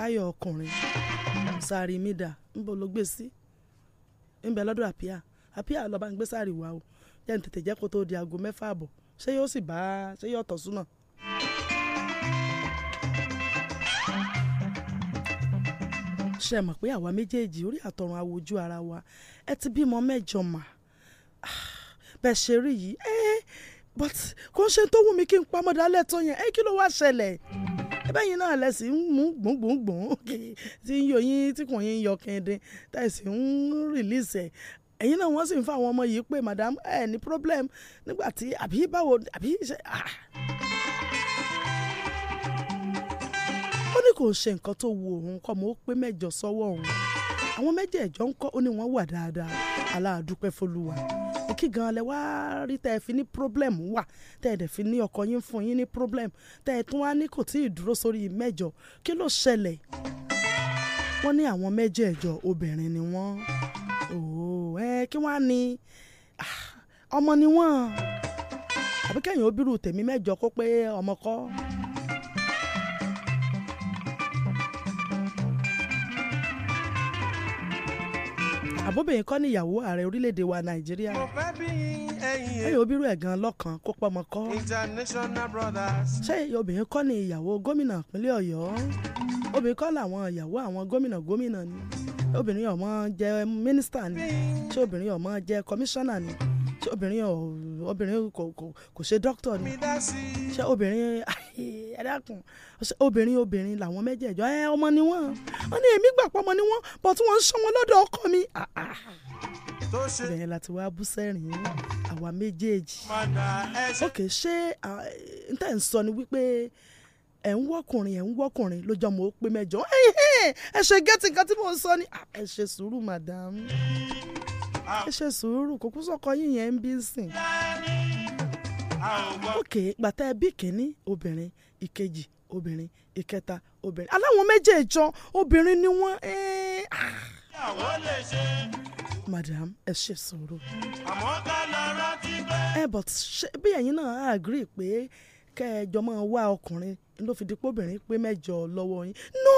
táyọ̀ ọkùnrin sàárì mi dà ńbọ ló gbé sí ńbẹ lọ́dọ̀ àpíà àpíà lọ́ba ń gbé sàárì wá o jẹ́ ń tètè jẹ́ kó tó di aago mẹ́fà àbọ̀ ṣé yóò sì bá ṣé yóò tọ̀ súnà. ṣe mọ̀ pé àwa méjèèjì orí àtọ̀run awojú ara wa ẹ ti bímọ mẹ́jọ mà bẹ́ẹ̀ ṣe rí yìí but kò ń ṣe tó wù mí kí n pamọ́ dálẹ́ tó yẹn ẹ kí ló wá ṣẹlẹ̀. ẹbẹ́yìn náà lẹ́sì ń mú gbùngbùngbùn tí ń yọyín tí kò yín yọ kẹ́ndín tẹ̀sí ń rìlíìsì ẹ̀ ẹ̀yin náà wọ́n sì ń fa àwọn ọmọ yìí pé madam ẹ̀ ní problem nígbà tí àbí báwo àbí ṣe ó ní kò ṣe nǹkan tó wu òun kọ́ mo pé mẹ́jọ sọ́wọ́ òun àwọn mẹ́jẹ̀ẹ̀jọ ń kọ́ ó ní wọ́n wà dáadáa aláàdúpẹ́ fọlùwà kí gan lẹ wá rí tẹ́ ẹ fi ní problem wà tẹ́ ẹ dẹ̀ fi ní ọkọ yín fún yín ní problem tẹ́ ẹ tún wá ní kò tí ì dúró sórí mẹ́jọ kí ló ṣẹlẹ̀ wọ́n ní àwọn mẹ́jẹ̀ẹ̀jọ obìnrin ni wọ́n òó ẹ kí wọ́n á ní ah, ọmọ ni wọ́n àbí kẹ́yìn ó bírù kó pé ọmọ kọ́. àbóbìnrin kọ́ níyàwó ààrẹ orílẹ̀-èdè wa nàìjíríà ẹ̀yìn obìnrin ẹ̀gàn lọ́kàn kó pọmọ kọ́ ṣé obìnrin kọ́ ní ìyàwó gómìnà ìpínlẹ̀ ọ̀yọ́ obìnrin kọ́ làwọn ìyàwó àwọn gómìnà gómìnà ni obìnrin ọ̀mọ́ jẹ́ mínísítà ni ṣé obìnrin ọ̀mọ́ jẹ́ kọmíṣánná ni ṣé obìnrin ọ̀mọ́ obìnrin kò kò kò ṣe dókítà ni ṣe obìnrin ẹ̀dákun obìnrin obìnrin làwọn mẹ́jẹ̀ẹ̀jọ ẹ ọmọ ni wọ́n wọ́n ní èmi gbà pọ̀ ọmọ ni wọ́n bọ̀ tí wọ́n ń sọ wọn lọ́dọ̀ ọkọ mi bẹ̀rẹ̀ láti wá bú sẹ́rìn àwa méjèèjì òkè ṣé n tẹ́ ń sọ ni wípé ẹ̀ ń wọ́kùnrin ẹ̀ ń wọ́kùnrin ló jọ pé mẹ́jọ ẹ ṣe gẹ́tì kan tí mò ń sọ ni ẹ ṣe sùúrù màdàm ẹ sùúrù kò sọkọ yín ń bí sìn. òkè gbàtà ẹbí kìíní obìnrin ìkejì obìnrin ìkẹta obìnrin aláwọn méjèèjọ obìnrin ni wọ́n. Ah. madam ẹ ṣe sùúrù. àmọ́ ká lọ rántí pé. bí ẹ̀yin náà agree pé kẹjọ máa wá ọkùnrin ló fi di pé obìnrin pé mẹ́jọ lọ́wọ́ yín no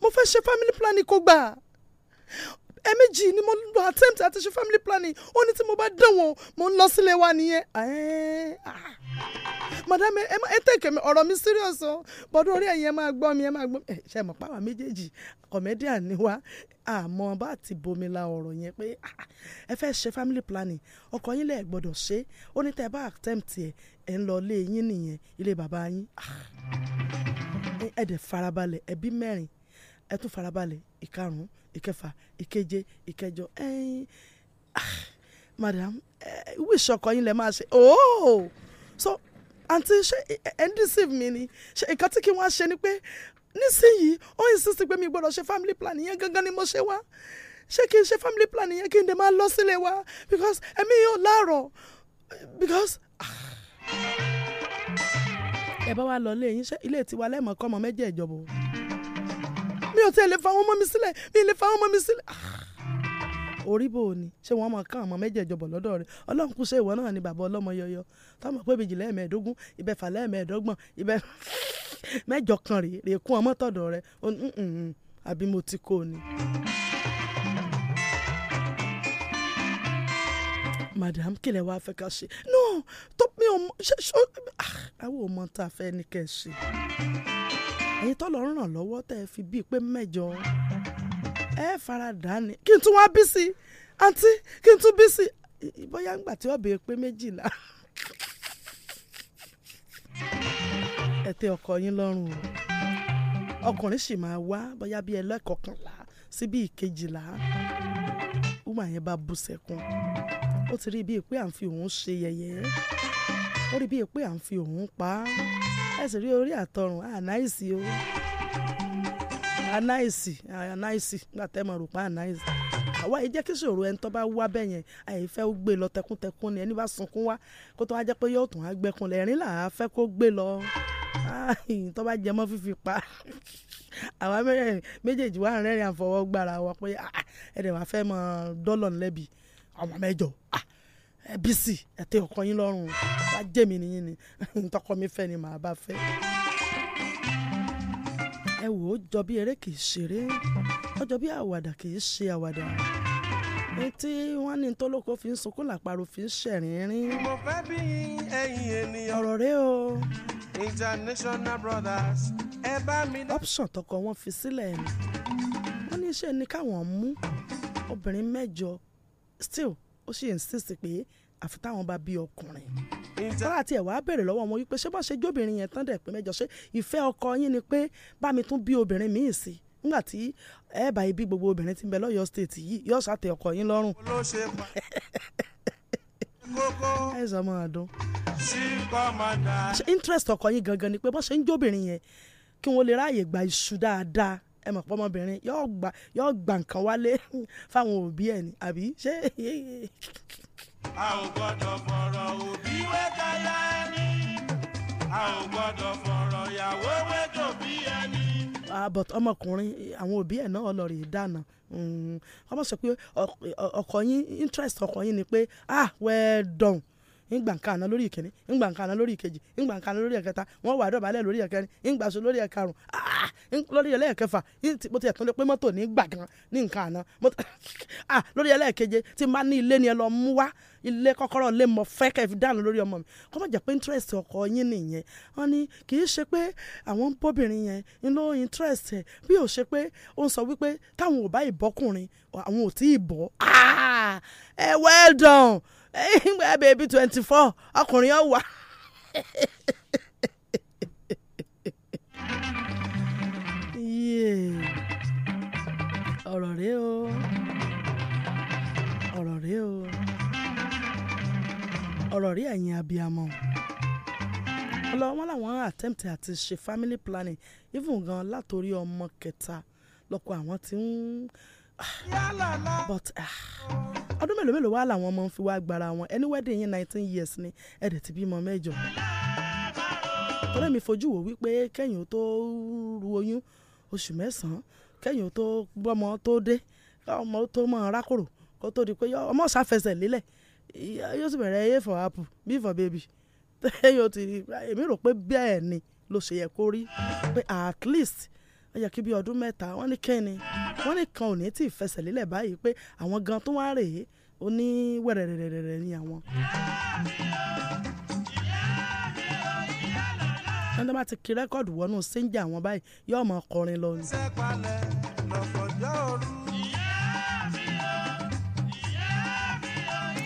mo fẹ́ ṣe family planning kó gbà ẹ̀ẹ̀mejì ni mo lọ attempt àti ṣe family planning ó ní tí mo bá dán wọn mo ń lọ sílé wa nìyẹn ah. madam ẹ má ẹ tẹ̀kẹ̀ mi ọ̀rọ̀ mi serious o bọ́dún orí ẹ̀yin ẹ máa gbọ́ mi ẹ máa gbọ́ mi ẹ ṣe mọ̀ pàwọn méjèèjì comedian ni wá àmọ́ bá ti bomi la ọ̀rọ̀ yẹn pé ah, ẹ fẹ́ ṣe family planning ọkọ yín lẹ́ẹ̀ gbọ́dọ̀ ṣe ó ní tẹ́ ẹ bá attempt ẹ ẹ ń lọ ilé yín nìyẹn ilé bàbá yín ah. ẹ dẹ̀ farabalẹ̀ ẹbí mẹ́rin ẹ tún farabalẹ̀ ìkarùn ìkẹfà ìkeje ìkẹjọ ẹyin ah, madam ìwé ìṣọkọ yín lẹ máa ṣe ooo oh! so àǹtí ṣe ndcv mi ni ṣe nǹkan tí kí wọ́n ṣe ni pé nísìnyìí ó insist pé mi gbọ́dọ̀ ṣe family plan yẹn gangan ni mo ṣe wá ṣé kí n ṣe family plan yẹn kí n dè máa lọ sílé wa because ẹ̀mí yóò láàrọ̀ because. Ah. ẹ bá wa lọ ilé yín ṣe ilé tiwa lẹ́mọ̀ọ́kọ́mọ méjèèjọ bò mi ò tẹ́ lè ọmọ mi sílẹ̀ mi lè fa ọmọ mi sílẹ̀ ah. orí bò ní ṣé wọn máa kán àwọn mẹ́jẹ̀ẹ̀jọ bọ̀ lọ́dọ̀ rẹ̀ Ọlọ́run ṣe ìwọ náà ni bàbá ọlọ́mọ yọyọ táwọn pé méjì lẹ́ẹ̀mẹ́ẹ̀dógún ìbẹ̀fà lẹ́ẹ̀mẹ́ẹ̀dọ́gbọ̀n ìbẹ̀ mẹ́jọ kan rèé rèé kún ọmọ tọ̀dọ̀ rẹ̀ mm, mm, mm, àbí mo ti kó ni. madam kílẹ̀ wàá fẹ́ ká ṣe no tó mi ò mọ ṣe ṣe àwọn ah, ò mọ tá a fẹ́ ní kẹ́ ṣe ẹ̀yin tọ́lọ̀ ń ràn lọ́wọ́ tẹ́ fi bíi pé mẹ́jọ ẹ fara dà ní kí n tún wá bí sí i àǹtí kí n tún bí sí i bóyá ńgbà tí ó béèrè pé méjìlá ẹ tẹ́ ọkọ yín lọ́rùn o ọkùnrin sì máa wá bóyá bíi ẹlẹ́kọ̀ọ́kànlá sí bíi kejìlá wúmà yẹn bá bú sẹ́kún ó ti rí bíi pé à ń fi òun ṣe yẹ̀yẹ́ ó rí bíi pé à ń fi òun pa á ẹsẹ̀ rí orí àtọrùn ànáìsì o ànáìsì ànáìsì gbàtẹ́mọ̀ rò pa ànáìsì àwa yìí jẹ́ kí ṣòro ẹni tó bá wá bẹ́ẹ̀ yẹn àyèfẹ́ ó gbé lọ tẹkùntẹkùn ni ẹni bá sunkún wá kó tó wá jẹ́ pé yóò tún á gbẹkùn lẹ́rìn là á fẹ́ kó gbé lọ tó bá jẹ mọ́ fífi pa àwa méjèèjì wà rẹ́rìn àfọwọ́gbára wa pé ẹ̀rẹ̀ wà fẹ́ mọ dọ́lọ̀ lẹ́bi ọmọ mẹ́jọ Bísí ẹ tẹ́ ọkọ yín lọ́rùn wá jẹ́mi nìyí ni ntọ́kọ mi fẹ́ ni màá bá fẹ́. ẹ wò ó jọ bí eré kì ṣeré ó jọ bí àwàdà kì ṣe àwàdà etí wọn ní tólókó fi ń sunkún làpárò fi ń ṣẹ̀rìnrín. mo fẹ́ bí ẹ̀yin ènìyàn. ọ̀rọ̀ rẹ o. international brothers ẹ bá mi. option tọkọ wọn fi sílẹ̀ ni wọ́n ní iṣẹ́ ni káwọn mú obìnrin mẹ́jọ still ó sì insist pé àfi táwọn bá bí ọkùnrin kọ́lá tiẹ̀ wàá béèrè lọ́wọ́ wọn wípé ṣé bá ṣe jóbìnrin yẹn tán dẹ̀ pé mẹ́jọ ṣé ìfẹ́ ọkọ yín ni pé bá mi tún bí obìnrin míì sí nígbà tí ẹ bá ibi gbogbo obìnrin ti ń bẹ lọ́yọ̀ state yìí yóò ṣàtẹ ọkọ yín lọ́rùn. ẹ sọ mọ́ àdún. interest ọkọ yín gangan ni pé bó ṣe ń jóbìnrin yẹn kí wọ́n lè ráàyè gba iṣu dáadáa ẹ mọ̀ pọ́mọbìnrin yóò gbà yóò gbà nǹkan wálé fáwọn òbí ẹ̀ ni àbí ṣé. a ò gbọ́dọ̀ fọ̀rọ̀ òbí wẹ́tà láàánú a ò gbọ́dọ̀ fọ̀rọ̀ ìyàwó wẹ́tò bí ẹni. Ah, but ọmọkùnrin àwọn òbí ẹ̀ náà lọ rè dáná hmm, ọmọ sọ pé ọkọ yín interest ọkọ yín ni pé ah well done ngba nka àná lórí ìkíní ngba nka àná lórí ìkejì ngba nka àná lórí ẹ̀kẹta wọn wà dọ̀bálẹ̀ lórí ẹ̀kẹrin ńgbà so lórí ẹ̀karùn ah, lórí ẹlẹ́ẹ̀kẹfà mo ti ẹ̀tún lé pé mọ́tò ní ah, lórí tí n ní ilé ni ẹ lọ mú wá ilé kọkọrọ lé mọ fẹ́ kẹ́ fi dànù lórí ọmọ mi pé interest ọkọ yín nìyẹn wọ́n ní kì í ṣe pé àwọn bóbìnrin yẹn ń lo interest bí ò ṣe pé ó ń sọ wípé táwọn ò bá ẹ̀yìnbá bèbí twenty four ọkùnrin ọ̀wà. ọ̀rọ̀ rẹ o ọ̀rọ̀ rẹ o ọ̀rọ̀ rẹ ẹ̀yin abiyamọ ọlọ wọn làwọn attempt àti ṣe family planning even gan látòrí ọmọ kẹta lọ́kọ àwọn tí ń ah, but. Uh, ọdún mélòó mélòó wá làwọn ọmọ ń fi wá gbára wọn ẹni wedding yín nineteen years ni ẹ̀dẹ̀ ti bímọ mẹ́jọ. torí fojú wò wípé kẹ́yìn tó ru oyún oṣù mẹ́sàn-án kẹ́yìn tó gbọ́mọ tó dé ọmọ tó mọ̀ ọ́n kó tó di pé ọmọ ṣàfẹsẹ̀ lélẹ̀ yóò sì bẹ̀rẹ̀ a for apple b for baby yóò ti èmi rò pé bẹ́ẹ̀ ni ló ṣe yẹ kó rí pé at least ó kí bí ọdún mẹ́ta wọ́n ní kẹ́ni wọ́n nìkan ò ní tí ì fẹsẹ̀ lélẹ̀ báyìí pé àwọn gan tó wá rèé ó ní wẹ̀rẹ̀rẹ̀rẹ̀rẹ̀ ni àwọn. ẹni tó bá ti kí rẹ́kọ̀dù wọnú síńjà wọn báyìí yóò mọ ọkọrin lọ ni.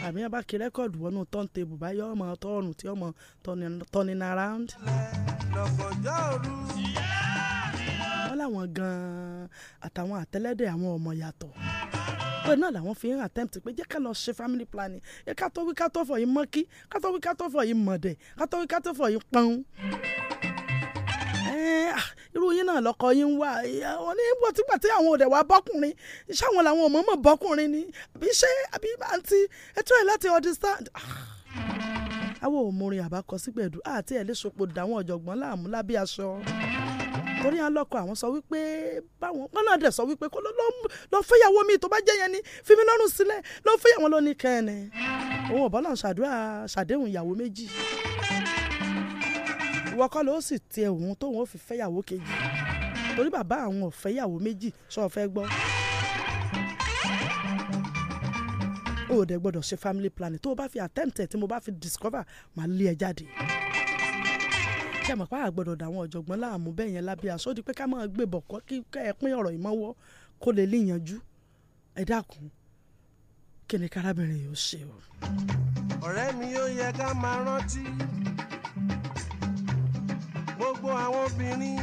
àmì ọba kí rẹ́kọ̀dù wọnú tọ́ǹtebù báyìí yóò tọ́ọ̀nù tí yóò mọ tọ́ni around. lọ́kọ̀jọ́ òru láwọn gan-an àtàwọn àtẹlẹ́dẹ̀ àwọn ọmọ yàtọ̀ pé náà làwọn fi ń attempt pé jẹ́ ká lọ ṣe family planning ká tó wí ká tó fọ̀ yìí mọ́kí ká tó wí ká tó fọ̀ yìí mọ̀dẹ̀ ká tó wí ká tó fọ̀ yìí pọ́n irú yín náà lọkọ yín ń wá wọn ní bọ́tígbà tí àwọn òdẹ̀ wá bọ́kùnrin ṣáwọn làwọn ọmọ mọ̀ bọ́kùnrin ni àbí ṣé àbí àǹtí ẹ ẹ̀ láti understand. àwọn òmùrin àbákọ sígbẹ̀dù àti ẹ̀ lè ṣòpò dáwọn ọ̀jọ̀gbọ́n láàmú lábẹ́ aṣọ torí àwọn lọkọ àwọn sọ wípé báwọn wọn náà dẹ̀ sọ wípé kó lọ lọ fẹ́yàwó mi tó bá jẹ́ yẹn ni fi mí lọ́rùn sílẹ̀ lọ fẹ́yàwó ló ní kẹ́ẹ̀ni òun ò bọ́ náà ṣàdúrà ṣàdéhùn ìyàwó méjì ìwọ kọ́ ló sì tiẹ̀ òun tóun ó fi fẹ́yàwó kejì torí bàbá àwọn ò fẹ́yàwó méjì sọ fẹ́ gbọ́ o ò dẹ̀ gbọ́dọ̀ ṣe family planning tó o bá fi attempt ẹ̀ tí mo bá fi discover màá lé ẹ jáde ṣe mọ̀ pé a gbọ́dọ̀ dà láàmú bẹ́ẹ̀ yẹn lábẹ́ aṣọ di pé ká máa gbé bọ̀kọ́ kí ẹ pín ọ̀rọ̀ ìmọ̀wọ́ kó lè léyanjú ẹ dákun kí ni kárábìnrin yóò ṣe o. ọ̀rẹ́ mi yóò yẹ ká máa rántí gbogbo àwọn obìnrin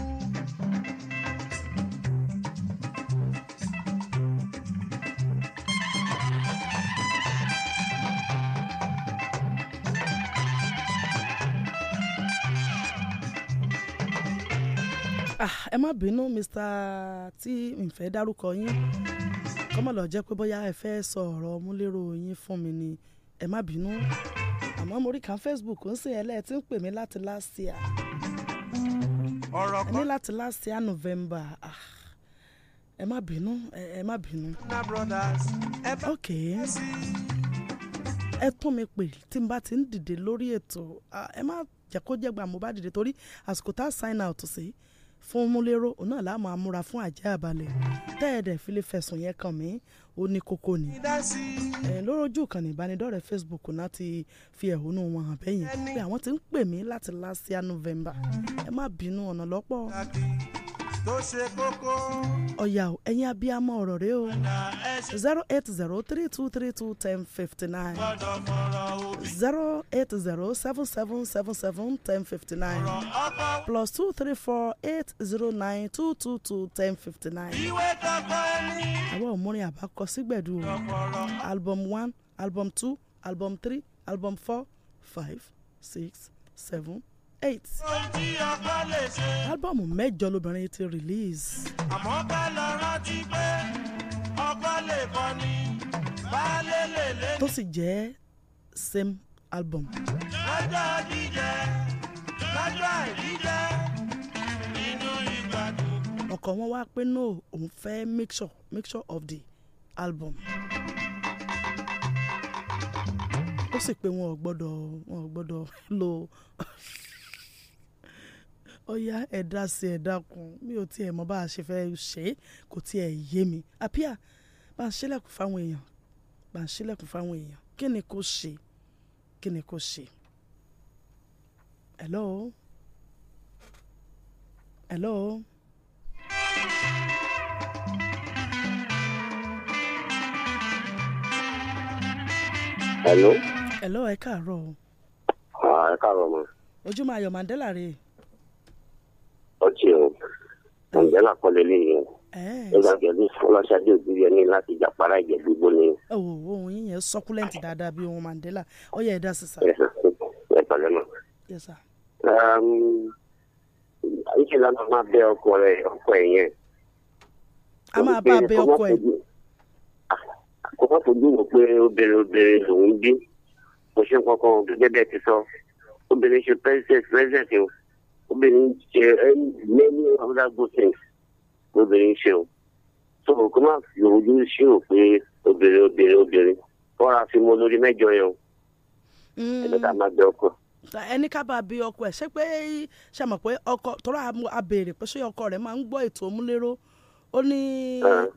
Ah, ẹ má bínú mr tí n fẹ́ dárúkọ yín kọ́mọ̀ lọ jẹ́ pé bóyá ẹ fẹ́ sọ ọ̀rọ̀ múlẹ́rọ yín fún mi ni ẹ má bínú àmọ́ mo rí kan facebook ń sìn ẹlẹ́ẹ̀ tí ń pè mí láti last year ẹni láti last year november ah, ẹ má bínú ẹ má bínú ok ẹ tún mi pè tí n bá ti ń dìde lórí ètò ah, ẹ má jẹ́ kó jẹ́ gbà mo bá dìde torí àsìkò tá a sign out sí. Si fún múlẹ́rọ́ òun náà láàmú amúra fún àjẹ́ àbálẹ̀ tẹ́ẹ̀dẹ̀ fi lè fẹ̀sùn yẹn kàn mí ó ní kókó ni. lórójú ìkànnì ìbánidọ́rẹ̀ẹ́ Facebook náà ti fi ẹ̀hónú wọn hàn bẹ́yìn pé àwọn ti ń pè mí láti last year November ẹ má bínú ọ̀nà lọ́pọ̀ tó ṣe kókó. ọ̀yà o ẹ̀yin abiyamọ ọ̀rọ̀ rẹ o zero eight zero three two three two ten fifty nine zero eight zero seven seven seven seven ten fifty nine plus two three four eight zero nine two two two ten fifty nine. ìwé tọkọ ẹni. àwọn òmùrin àbákọ sígbẹ̀dù o album one album two album three album four five six seven eight. ojú ọgbà lè ṣe. álbọ̀mù mẹ́jọ lobìnrin ti release. àmọ́ ká lọ rántí pé ọgbà lè bọ́ ni baálé lè lé. tó sì jẹ́ same album. lọ́jọ́ jíjẹ lọ́jọ́ àìjíjẹ inú ìgbàdùn. ọkọ wọn wá pé no òun fẹ́ make sure make sure of the album ó sì pé wọn ò gbọ́dọ̀ wọn ò gbọ́dọ̀ lo ọ̀yá ẹ sí ẹ dákun mi ò tiẹ̀ mọ̀ bá a ṣe fẹ́ ṣe é kò tiẹ̀ yé mi àpíà bá a ṣílẹ̀kùn fáwọn èèyàn bá a ṣílẹ̀kùn fáwọn èèyàn kí ni kò ṣe kí ni kò ṣe. hello hello. hello. hello ẹ káàárọ̀ o. Ah, ẹ káàárọ̀ mọ́. Ojúmọ́ Ayọ̀ Mandela rèé ọtí o nàìjíríà kọ́lé lẹ́yìn nígbà gẹ̀ẹ́dì fọláṣadé òbíyẹ ní láti jàpárá ìjẹ̀bú gbóni. ọwọ ohun yìí yẹn sọkúlẹ̀ǹtì dáadáa bíi ohun mandela ó yẹ ẹ̀dá sísá. ẹ pàlẹ́ mọ́. ìṣẹ̀lẹ̀ máa máa bẹ ọkọ rẹ ọkọ ẹ̀ yẹn. a máa bá a bẹ ọkọ ẹ̀. kò má fojú wò pé obìnrin obìnrin lòún bí mo ṣe ń kọ́kọ́ gẹ́gẹ́ bẹ́ẹ̀ ti sọ obìnrin ṣe pẹ́ńsẹ̀ pẹ́ńsẹ̀ ti o obìnrin ṣe many other good things lóbìnrin ṣe o so kó má fi ojú sí o pé obìnrin obìnrin obìnrin kọ́ra fi mọ lórí mẹ́jọ yẹn o ẹ̀ẹ́dẹ́ta máa bẹ ọkọ ẹni ká bá bí ọkọ ẹ ṣé pé ṣe mọ̀ pé ọkọ tọ́ra abèrè pé ṣé ọkọ rẹ̀ máa ń gbọ́ ètò òmúlérò ó ní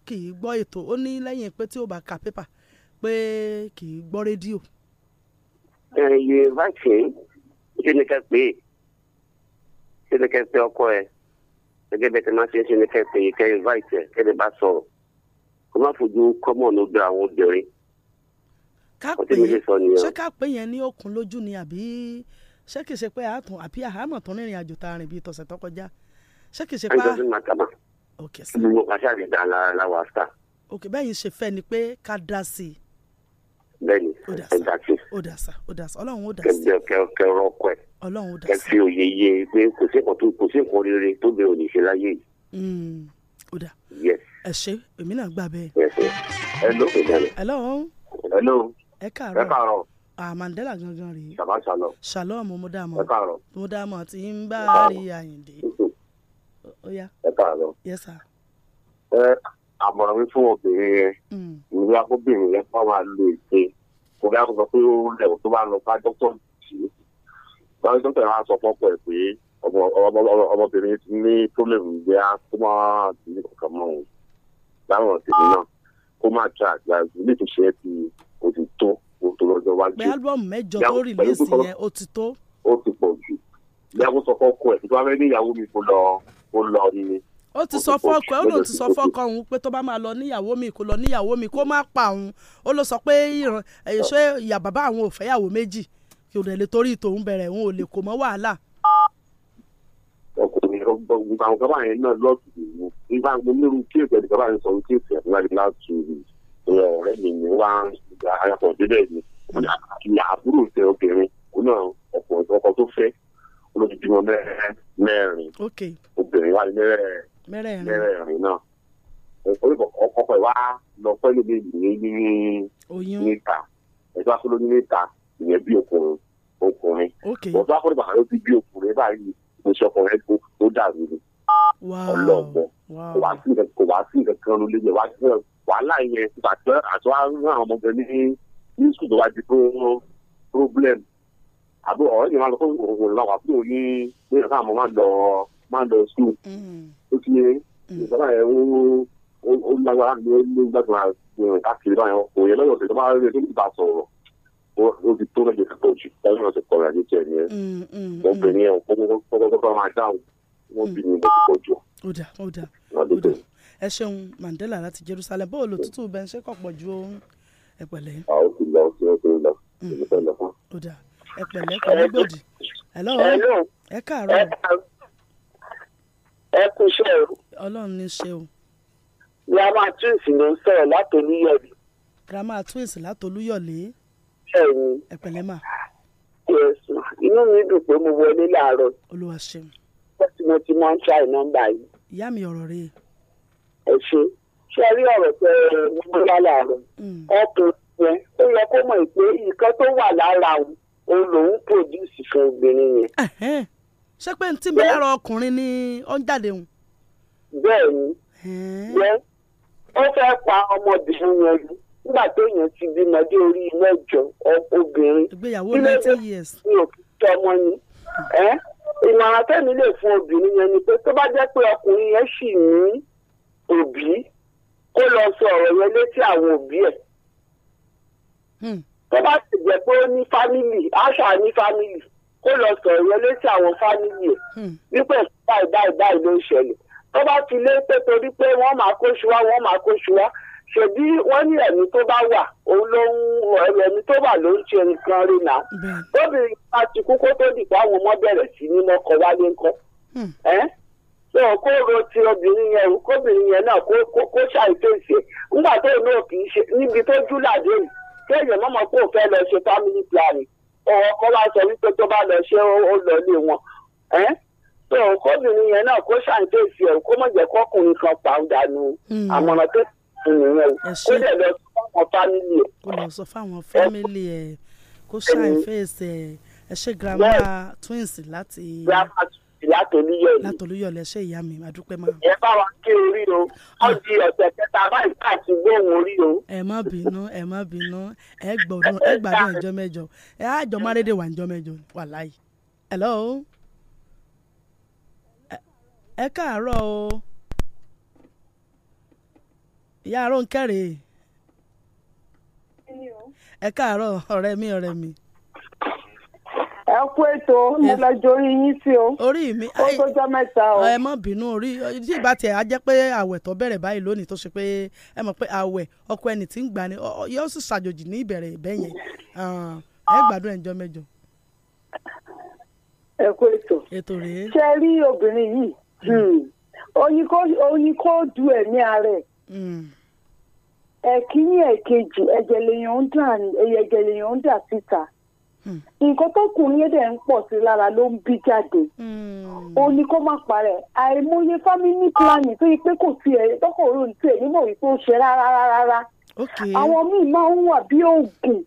kì í gbọ́ ètò ó ní lẹ́yìn pé tí ó bá ka pépà pé kì í gbọ́ rédíò. ẹ yẹ ṣe é ṣe ni ká pè é ṣé bẹ́ẹ̀ kẹ́ pé ọkọ ẹ gẹ́gẹ́ bẹ́ẹ̀ kẹ́ máa ṣe é ṣe ni kẹ́ pé kẹ́ invite ẹ kẹ́ lè bá sọ̀rọ̀ kó má fojú kọ́mọ̀ ló gbé àwọn obìnrin. ká pè é ṣé ká pè yẹn ní okùn lójú ni àbí ṣé kìí ṣe pé àtún àbí àhámọ̀ tó rìnrìn àjò tá a rìn bíi tọ̀sẹ̀ tó kọjá ṣé kìí ṣe pé. ẹjọ́ bí màá tàbá gbogbo pàṣẹ àti ìdá láwa star. ok bẹ́ẹ̀ni ṣe fẹ́ ni pé ká dá sí i. bẹ́ẹ̀ni ẹ dá sí i. ó dà sá ó dà sá ọlọ́run ó dà sí i. kẹ kẹ kẹ rọkọ ẹ ọlọ́run dá sí. ẹ fi òye yé e pé kò sí nǹkan tó kò sí nǹkan rere tó bẹ òní ṣe láyé yìí. Mm, ó dà ẹ ṣe èmi náà gbà bẹ́ẹ̀. ẹ ló kò bẹ̀rẹ̀. hello. hello. ẹ káàárọ̀. ẹ káàárọ̀. Mandela gangan rèé. sàmá sàlọ. sàlọ mo mo dá mọ. ẹ káàárọ̀. mo dá mọ tí ń bá a rí àyìndé. ẹ káàárọ̀. yes sir. ẹ àmọ̀ràn mi fún obìnrin yẹn. ìlú mm. akóbìnrin yẹn fáwọn àlò ète. kò bí a kò sọ pé ó rẹ̀ tó bá lọ bá dókítà jù báyìí tó ń tẹ̀lé aṣọ fọ́pọ̀ ẹ̀ pé ọmọbìnrin ti ní problem gbé a kó má ti ní kankan mọ́ òun láwọn tèmi náà kó má tra àgbà ilé tó ṣe é ti o ti tó o tó lọ́jọ́ wájú. pé álbọ̀mù mẹ́jọ tó rìlíìsì yẹn ó ti tó. ó ti pọ̀ jù ìyàwó sọ fọ́kọ ẹ̀ tó bá fẹ́ ní ìyàwó mi kó lọ kó lọ nílé ó ti sọ fọkọ ó lóun ti sọ fọkọ òun pé tó bá máa lọ níyàwó mi kó lọ níyàwó mi kó má pa òun ó ló sọ pé ìṣe ìyá bàbá àwọn ò fẹ́yàwó méjì kí o lè torí tòun bẹ̀rẹ̀ òun ò lè kó mọ́ wàhálà. ọkùnrin gbogbo àwọn kábàá yẹn náà lọ́ọ̀tù ìlú nígbà mo nírú kéèsì ẹ̀dùn kábàá yẹn sọ wí kéèsì ẹ̀dùn láti láti ìwọ ọ̀rẹ́ mi ni wá ayọ̀pọ̀ débẹ̀ ni ìyá àbúrò tẹ obìnrin kó náà ọ̀pọ̀ ọkọ tó fẹ́ olójúmọ mẹ́rin obìnrin wá ní mẹ́rẹ̀ẹ̀rin náà ọkọ ẹ̀ wá lọ pẹ́ lóde ní níta ẹ̀ tó wá sọ lóde níta ìyẹn bí ọkùnrin ọkùnrin wọn bá kọ́ni bàbá ló ti bí ọkùnrin báyìí mo ṣe ọkùnrin tó tó dàrú ni ọlọ́ọ̀gbọ́n kò wá sí nǹkan kò wá sí nǹkan kan ló lé yẹn wá sí wàhálà yẹn àtọ́ àtọ́ àwọn ọmọ gan ní ní sùkúl tó wá di problem àbí ọ̀rẹ́ yẹn máa lọ fún òun lọ́wọ́ àbí òun ní pé ẹ̀ka àmọ́ máa lọ máa lọ sùkúl ó ti yẹ ìjọba yẹn ó lágbára ló lágbára káàkiri báyọ̀ òun yẹn lọ́yọ̀ọ̀sẹ̀ tó bá rí ẹ tó ní ìbá sọ̀rọ̀ wọ́n ti tó lẹ́jọ́ pọ̀ jù lẹ́yìn ọ̀sẹ̀ kọ̀ọ̀rọ̀ àti tiẹ̀ nìyẹn wọ́n bẹ̀ ní ẹ̀wọ̀n kọ́kọ́kọ́ máa dáhùn wọ́n bí ní ìbọn pọ̀ jù. ó dà ó dà ó dà ẹ ṣeun Mandela láti Jerusalem bó o lò tútù bẹ́ẹ̀ ṣe kọ̀ pọ̀ ju ohun ẹ pẹ̀lẹ́. àwọn ti lọ sí ọ̀sẹ̀ lọ ó mm. dà ẹ pẹ̀lẹ́ pẹ̀lẹ́ gbòdì ẹ káàárọ̀ ẹ kú iṣẹ́ o. Ọlọ́run ní ṣe o. Grandma Twins ló ń sọ̀rọ̀ látòlúyọ̀lé. Grandma Twins látòlúyọ̀lé iṣẹ́ mi. ẹ pẹ̀lẹ́ mà. inú mi dùn pé mo wọlé láàárọ̀. olúwa ṣeun. bẹ́ẹ̀ mo ti máa ń ṣàì nọ́mbà yìí. ìyá mi ọ̀rọ̀ rèé. ẹ ṣe ṣe rí ọ̀rọ̀ pé mo wá láàárọ̀. Mm. ọkùnrin yẹn ó yẹ kó mọ̀ pé nǹkan tó wà lára òun òun lòún pòdúsì fún obìnrin yẹn. ṣé pé ntí mi lára ọkùnrin ni ó ń jáde hùn. bẹ́ẹ̀ ni ó fẹ́ pa ọmọbìnrin yẹn nígbà téèyàn ti bímọ dé orí mẹ́jọ obìnrin ìgbéyàwó nineteen years ní òkúta ọmọ ni ìmọ̀ràn tẹ́mi lè fún obìnrin yẹn ni pé tó bá jẹ́ pé ọkùnrin yẹn sì ní òbí kó lọ sọ ọ̀rọ̀ yẹn létí àwọn òbí ẹ̀ hmm. tó bá sì jẹ́ pé ó ní fámìlì àṣà ní fámìlì kó lọ sọ ọ̀rọ̀ yẹn létí àwọn fámìlì ẹ̀ hmm. wípé báyìí báyìí báyìí ló ń ṣẹlẹ̀ tó bá ti lé pé torí pé wọ́n máa kóṣù wá wọ́n máa kóṣù wá ṣebí wọ́n ní ẹ̀mí tó bá wà òun ló ń ẹ̀mí tó wà ló ń ṣe nǹkan rí náà tóbìnrin bá ti kú kó tó dìbò àwọn ọmọ bẹ̀rẹ̀ sí ní mọ́kọ wálé ńkọ́ hmm. ẹ́ so kó ro ti obìnrin yẹn o kóbìnrin yẹn náà kó ṣàìkéṣe nígbà tó náà kì í ṣe níbi tó jú làdé yìí kéèyàn mọ́mọ́ kó fẹ́ lọ ṣe family planning ọkọ wa sọ wípé tó bá lọ ṣe ó lọ lé wọn ẹ́ so kóbìnrin yẹn náà kó ṣàìkéṣe o kó mọ̀ jẹ́ kọ́kùnrin kan pàǹdà nu hmm. àmọ̀ràn tó ti nìyẹn lọ sọ fáwọn fámìlì ẹ̀. kó lọ fèsì ẹ̀ ẹ ṣe grandma twins láti látolúyọ ni ṣe ìyá mi àdúpẹ́ máa. ẹ bá wa ké orí o wọn di ọ̀sẹ̀ kẹta báyìí káàtì gbóhùn orí o. ẹ má bínú ẹ má bínú ẹ gbọ́dọ̀ ẹ gbádùn ìjọ mẹ́jọ ẹ á jọ márédè wà ìjọ mẹ́jọ wà láyé. hello ẹ káàárọ̀ o. ìyá Rónkẹ́ rèé ẹ káàárọ̀ ọ̀rẹ́ mi ọ̀rẹ́ mi. ẹ kú ètò mo yín o. orí mi ó tó jọ mẹ́ta o. ẹ má bínú orí tí ìbá tiẹ̀ á jẹ́ pé tó báyìí lónìí tó ṣe pé ẹ pé ọkọ ẹni tí ń ni yóò sì ṣàjòjì ní ẹ̀kíní ẹ̀kejì ẹ̀jẹ̀ lèèyàn ń dà ẹ̀jẹ̀ lèèyàn ń dà síta nǹkan tọkùnrin yẹn dẹ̀ ń pọ̀ sí lára ló ń bí jáde hmm. ó ní kó má parẹ́ àìmọye family planning tó yẹ pé kò tiẹ̀ tọkọ̀ òru ní tiẹ̀ nímọ̀ wípé ó ṣe rárá rárá àwọn míì máa ń wà bí oògùn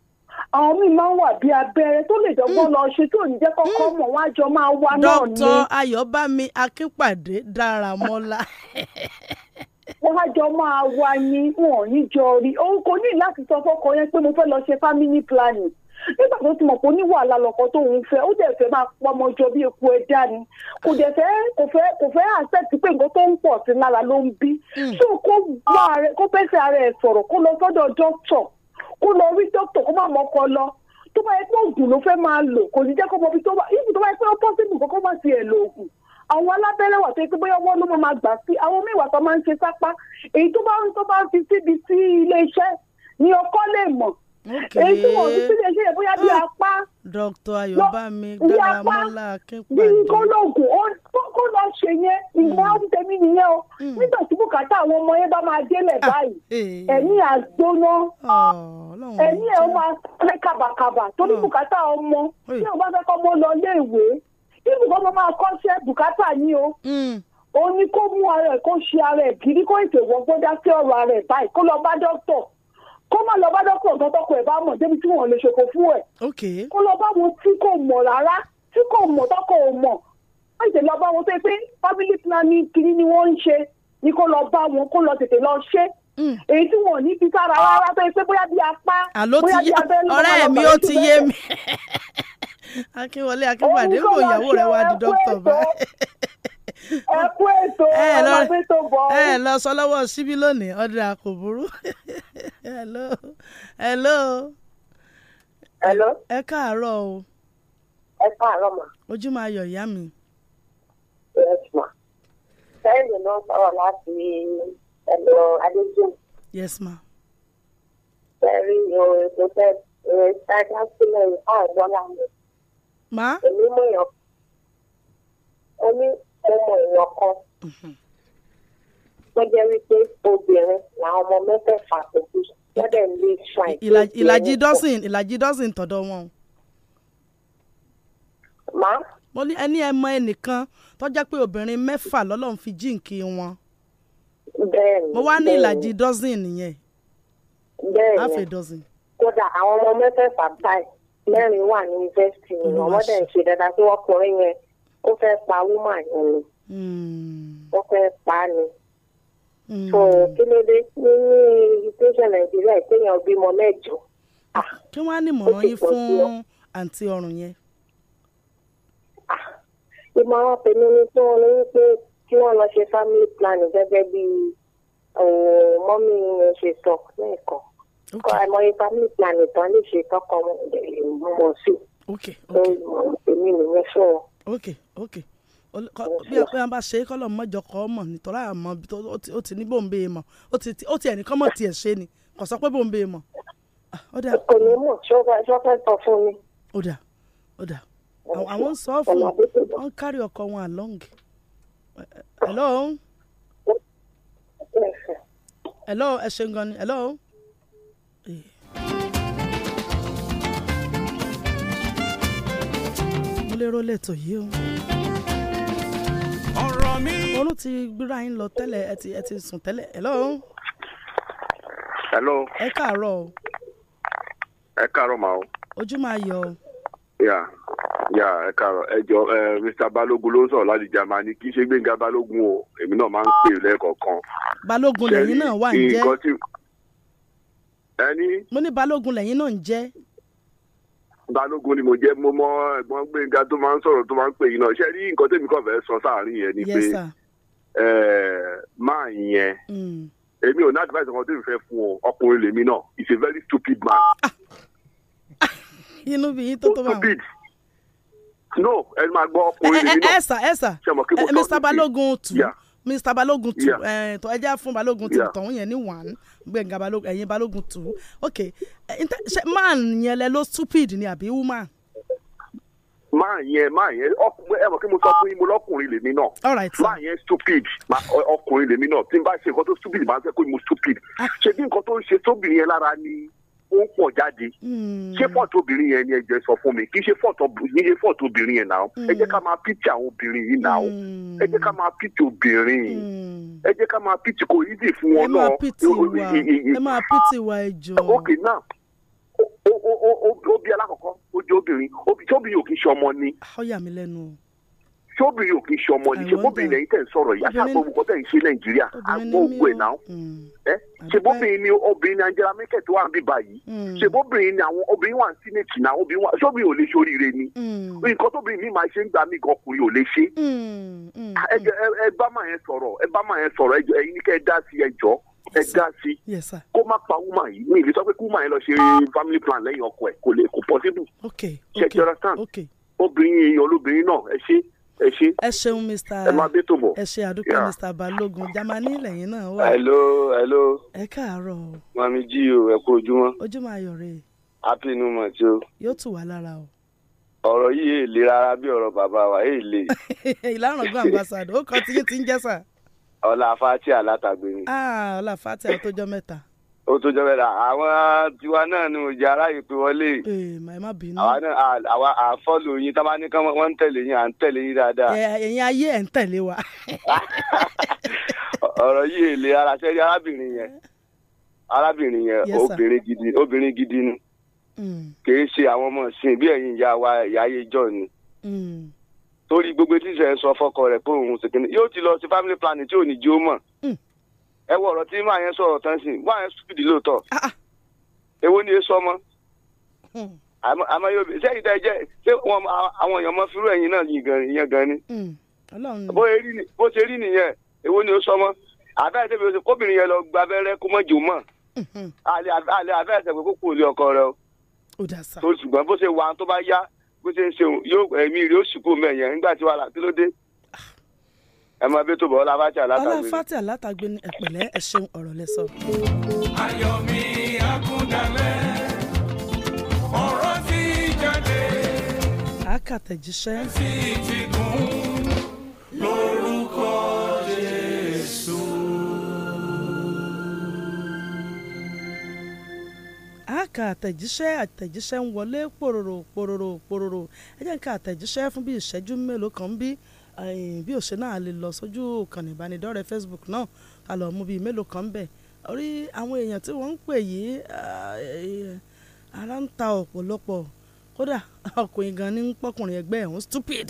àwọn míì máa ń wà bí abẹ́rẹ́ tó lè dọ́gbọ́n lọ ṣe tó ní jẹ́ kọ́kọ́ mọ̀ wá jọ máa wá náà ni. dókítà ayọ̀bámi akínpàdé dáramọ́lá. wọ́n á jọ máa wá ní wọn ò ní jọ rí òun kò ní láti sọ fọ́kọ yẹn pé mo fẹ́ lọ ṣe family planning nígbà tó ti mọ̀ pé ní wàhálà lọ́kọ tó ń fẹ́ ó dẹ̀ fẹ́ máa pọmọ jọ bí eku ẹja ni kò dẹ̀ fẹ́ kò fẹ́ kò fẹ́ àṣẹ́tì pé nǹkan tó ń pọ̀ sí lára ló ń bí hmm. so kó bá kó fẹ́sẹ̀ ara ẹ̀ sọ̀rọ̀ kó lọ sọ́dọ̀ dókítọ̀ kó lọ rí dókítọ̀ kó má mọ́kọ lọ tó bá yẹ pé oògùn ló fẹ́ máa lò kò ní jẹ́ kó mọ ibi tó bá ibi tó bá yẹ pé ó pọ́sibù kó kó má tiẹ̀ lo oògùn àwọn alábẹ́rẹ́ wà tó yẹ pé bóyá wọ́n ló mọ̀ máa gbà sí àwọn míì wà tó máa ń ṣe sápá èyí tó bá ń tó bá ń fi síbi sí ilé iṣẹ́ ni ọkọ lè mọ̀ èyí tí wọ́n fi sí ilé iṣẹ́ yẹn bóyá bí ah, apá Dr. Ayọ̀bámi Dáramọ́lá Akínpàdé bí ìkọlọ́ọ̀gùn kó lọ ṣe yẹn hmm. ìgbà ń tẹ̀mí nìyẹn o hmm. nígbà tí bùkátà àwọn ọmọ yẹn bá máa délẹ̀ ah, báyìí eh. ẹ̀mí àgbóná ah, ẹ̀mí ẹ̀ máa fẹ́ kàbàkàbà torí hmm. bùkátà ọmọ tí ò bá fẹ́ kọ́ mọ́ lọ léèwé bíbù kọ́ mo máa kọ́ ṣẹ́ bùkátà yín o ó mm. ní kó mú ara ẹ̀ kó ṣe ara ẹ̀ gidi kó ètò ìwọ́gbọ́n dá sí ọ̀rọ̀ ara ẹ̀ báyìí kó lọ bá dókítọ̀ kó má lọ bá dókítọ̀ nǹkan tọkọ ẹ̀ bá mọ̀ débi tí wọ́n lè ṣòfò fún ẹ̀ kó lọ bá wọn tí kò mọ̀ rárá tí kò mọ̀ tọkọ ò mọ̀ wọ́n ti lọ bá wọn pé pé family planning kiri ni wọ́n ń ṣe ni kó lọ bá wọn kó lọ tètè lọ ṣe mm. èyí tí wọn ò ní fi sára rárá pé pé bóyá bí apá bóyá bí abẹ́ akínwọlé akínpàdé ń bò ìyàwó rẹ wá di dókítà báyìí. ẹ kú ètò ọlọ́gbé tó bọ̀ ẹ lọ sọ lọ́wọ́ síbí lónìí ọ̀dà kò burú. hello ẹ káàárọ̀ o. ẹ káàárọ̀ mà. ojú máa yọ ìyá mi. sẹ́yìn náà sọ̀rọ̀ láti ẹ̀lọ́ adéjọ́. yes ma. sẹ́yìn o ètò tẹ́ ẹ̀ ṣáájú sílẹ̀ ìfọ̀ ìgbọ́lá má. èmi mọ̀ èèyàn mo ní mo mọ̀ èèyàn kan wọ́n mhm. jẹ́ wípé obìnrin làwọn ọmọ mẹ́fẹ̀ẹ̀fà tó kù wọ́n dẹ̀ ń lé ṣáì. ìlàjì dọ́sìn ìlàjì dọ́sìn tọ̀dọ̀ wọn. má. mo ní ẹni ẹ mọ ẹnìkan tó jẹ́ pé obìnrin mẹ́fà lọ́lọ́run fi jíǹkì wọn. bẹ́ẹ̀ni mo wá ní ìlàjì dọ́sìn nìyẹn. bẹ́ẹ̀ni half a dozen. kódà àwọn ọmọ mẹ́fẹ̀ẹ̀fà báyìí mẹ́rin wà ní yunifásitì ni wọ́n dẹ̀ ń ṣe dáadáa pé ọkùnrin yẹn ó fẹ́ pa woman yẹn ni ó hmm. fẹ́ pa á ni. Hmm. so kí ló dé nínú education nàìjíríà ìpéyàn bímọ mẹ́jọ. Ah, kí wọ́n á ní ìmọ̀ràn yín fún àǹtí ọrùn yẹn. Ah, ìmọ̀ràn tèmi ni tí wọ́n ní pé kí wọ́n lọ ṣe family planning gẹ́gẹ́ bí mọ́mí yẹn ṣe sọ lẹ́ẹ̀kan kọ́ àìmọ ipa ní ìlànà ìtàn lè ṣe tọkọ mọ sí èmi nìyẹn fún ọ. ok ok bí ẹ pé wọn bá ṣe é kọlọ mọjọ kọ ọ nítorí àmọ ó ti ní bòńbé mọ ó ti ẹnìkan mọ tiẹ ṣe ni kò sọ pé bòńbé mọ. Ah, kò ní mọ̀ ṣọ́ fẹ́ sọ fún mi. ó dà ó dà àwọn ń sọ fún wọn kárí ọkọ wọn along. hello. hello ẹ ṣeun gan ni hello. róléró lẹ́tọ̀ yìí o. ọ̀rọ̀ ti gbéra yín lọ tẹ́lẹ̀ ẹ ti ẹ ti sùn tẹ́lẹ̀ hello. hello. ẹ káàárọ̀ o. ẹ káàárọ̀ màá o. ojú máa yọ yà yà ẹ káàárọ̀ ẹ jọ ẹ Mr Balógun ló ń sọ̀rọ̀ láti Jámánì kì í ṣe Gbénga Balógun o èmi náà máa ń pè lẹ́ẹ̀kọ̀ọ̀kan. Balógun lẹ́yìn náà wà ń jẹ́. ẹni. mo ní Balógun lẹ́yìn náà ń jẹ́ balógun ni mo jẹ́ mo mọ ẹ̀gbọ́n gbẹ̀ngà tó máa ń sọ̀rọ̀ tó máa ń pè yín náà ṣe rí nǹkan tèmi kàn sọ sáàárín yẹn ni pé máa yẹn hmm. èmi ò ní advice kan tèmi fẹ́ fún ọ ọkùnrin lèmi náà he's a very stupid man. Ah, ah. inú bí yín tó tó bá wọn no ẹ máa gbọ́ ọkùnrin lèmi náà. Eh, eh, eh, ẹ ẹ ẹ sà ẹ sà Mr. Balógun tù. Yeah mr Balogun two ẹ eh, tọ ẹ jẹ́ fún Balogun two tọ̀hún yẹn ní one gbẹ̀ngà balógun ẹ̀yin Balogun two ok eh, man yẹn lẹ ló stupid ni àbí woman. máa yẹn máa yẹn ọkùnrin ẹ mọ̀ kí mo sọ fún yín mo lọ́kùnrin lèmi náà máa yẹn stupid ọkùnrin lèmi náà tí n bá ṣe nǹkan tó stupid máa ń fẹ́ pé mo stupid ah. ṣe bí nǹkan tó ń ṣe tóbìnrin yẹn lára ni ó ń pọ̀ jáde hmm. ṣé fọ́ọ̀tù obìnrin yẹn ni ẹ jẹ́ sọ fún mi kì í ṣe fọ́ọ̀tù obìnrin yẹn náà ẹ jẹ́ ká máa pìtì àwọn obìnrin yìí náà hmm. ẹ jẹ́ ká máa pìtì obìnrin hmm. ẹ jẹ́ ká máa pìtì kò yídì fún wọn náà ẹ máa pìtì wa ẹ jọ. ok náà ó bí alákọ̀ọ́kọ́ ó jẹ́ obìnrin tóbi yóò kí í ṣe ọmọ ni. ó yà mí o ṣóbìnrin ò kì í ṣe ọmọ ní ṣe bóbìnrin lẹ́yìn tẹ̀ ń sọ̀rọ̀ yìí àṣà gbogbo tẹ̀ ń ṣe nàìjíríà àgbọ̀ ògbó ẹ̀ náà mm. ẹ ṣe bóbìnrin ni obìnrin ni Angela Merkel tó wà ń bí báyìí mm. ṣe bóbìnrin ni àwọn obìnrin wà ń sínẹ̀tì náà obìnrin wà ṣóbìnrin ò lè ṣoríire ni mm. nǹkan tóbìnrin mi máa ṣe ń gbà mí gan ọkùnrin ò lè ṣe ah, ẹ bá máa yẹn sọ̀rọ̀ ẹ bá máa yẹn sọ̀rọ̀ ẹ̀yin ní kẹ́ ẹ dá sí ẹjọ́ ẹ dá sí kó má pa woman yìí mi ìlú sọ pé kó woman yẹn lọ ṣe family plan lẹ́yìn ọkọ ẹ̀ kò lè kò possible ṣe kí ọ obìnrin èèyàn olóbìnrin náà ẹ ṣe ẹ ṣe. ẹ ṣeun mr ẹ máa bí tó bọ̀. ẹ ṣe àdúgbò mr balógun jamani lẹ́yìn náà wà. hello hello. ẹ káàárọ̀. mami jí o ẹ kú ojúmọ́. ojúmọ́ ayọ̀ rẹ̀. happy new month o. yóò tù wá lára o. ọ̀rọ̀ yìí èlé rárá bí ọ̀rọ̀ bàbá wa èlé. ìlànà gbọ́ àgbàsàdó ó kọ́ tí yín ti ń jẹ́ sà. ọlá fati alátàgbé ni. Ah, ọlá fati àtọjọ mẹ́ta ó tó jọ bẹ́ẹ̀ la àwọn tiwa náà ni òjì aráyè pé wọlé àwa náà àwa àfọlù yín tábà ní kán wọ́n ń tẹ̀lé yín à ń tẹ̀lé yín dáadáa. ẹ̀yin ayé ẹ̀ ń tẹ̀lé wa. ọ̀rọ̀ yìí èlé ara sẹ́rí arábìnrin yẹn arábìnrin yẹn obìnrin gidi obìnrin gidi ni mm. kì í ṣe àwọn ọmọ ìsìn bí ẹ̀yin ìyá wa ìyá ayé jọ ni mm. torí gbogbo tíṣẹ̀ ń sọ fọ́kọ rẹ̀ pé òun ṣèkínní yóò ti lọ sí family planning tí ò ní jí ó mọ̀. Mm ẹ wọ ọ̀rọ̀ tí màá yẹn sọ̀rọ̀ tán sí màá yẹn stupid lóòótọ́ ah, ah. èwo ni èso ọmọ hmm. àmọ́ yóò bí sẹ́yìn tẹ́ jẹ́ ṣé àwọn èèyàn mọ fúrú ẹ̀yìn náà yẹn gan hmm. ni bó ṣe rí nìyẹn èwo ni ó sọmọ àbẹ́rẹ́ tẹ́bi oṣù kóbìnrin yẹn lọ gba abẹ́rẹ́ kó mọ̀ jò mọ̀ hmm. àlẹ́ àbẹ́rẹ́ tẹ́bi kó kú òlé ọkọ rẹ o tó ṣùgbọ́n bó ṣe wà tó bá yá bó ṣe ń ṣe yóò ẹ̀mí rẹ̀ ó sì mẹ́yẹn nígbà tí wàhálà kí ló dé ẹ mọ bí tó bọ̀ ọlá fati alátagbe. ọlá fati alátagbe ni ẹ̀pẹ̀lẹ́ ẹ ṣeun ọ̀rọ̀ lẹ sọ. ayọ̀mí akúndalẹ̀ ọ̀rọ̀ ti jáde. akàtẹ̀jíṣẹ́. ti ti gùn lórúkọ Jésù. aka àtẹ̀jíṣẹ́ àtẹ̀jíṣẹ́ ń wọlé pòròrò pòròrò pòròrò ẹ jẹ́ ń ka àtẹ̀jíṣẹ́ fún bí ìṣẹ́jú mélòó kan bí. 0244 bí ó ṣe náà lè lọ sójú ìkànnì ìbánidọ́rẹ̀ẹ́ Facebook náà ká lọ mú bíi mélòó kan bẹ̀ orí àwọn èèyàn tí wọ́n ń pè yìí ara ń ta ọ̀pọ̀lọpọ̀ kódà ọkùnrin gan ni ń pọkùnrin ẹgbẹ́ ẹ̀ ń stupid.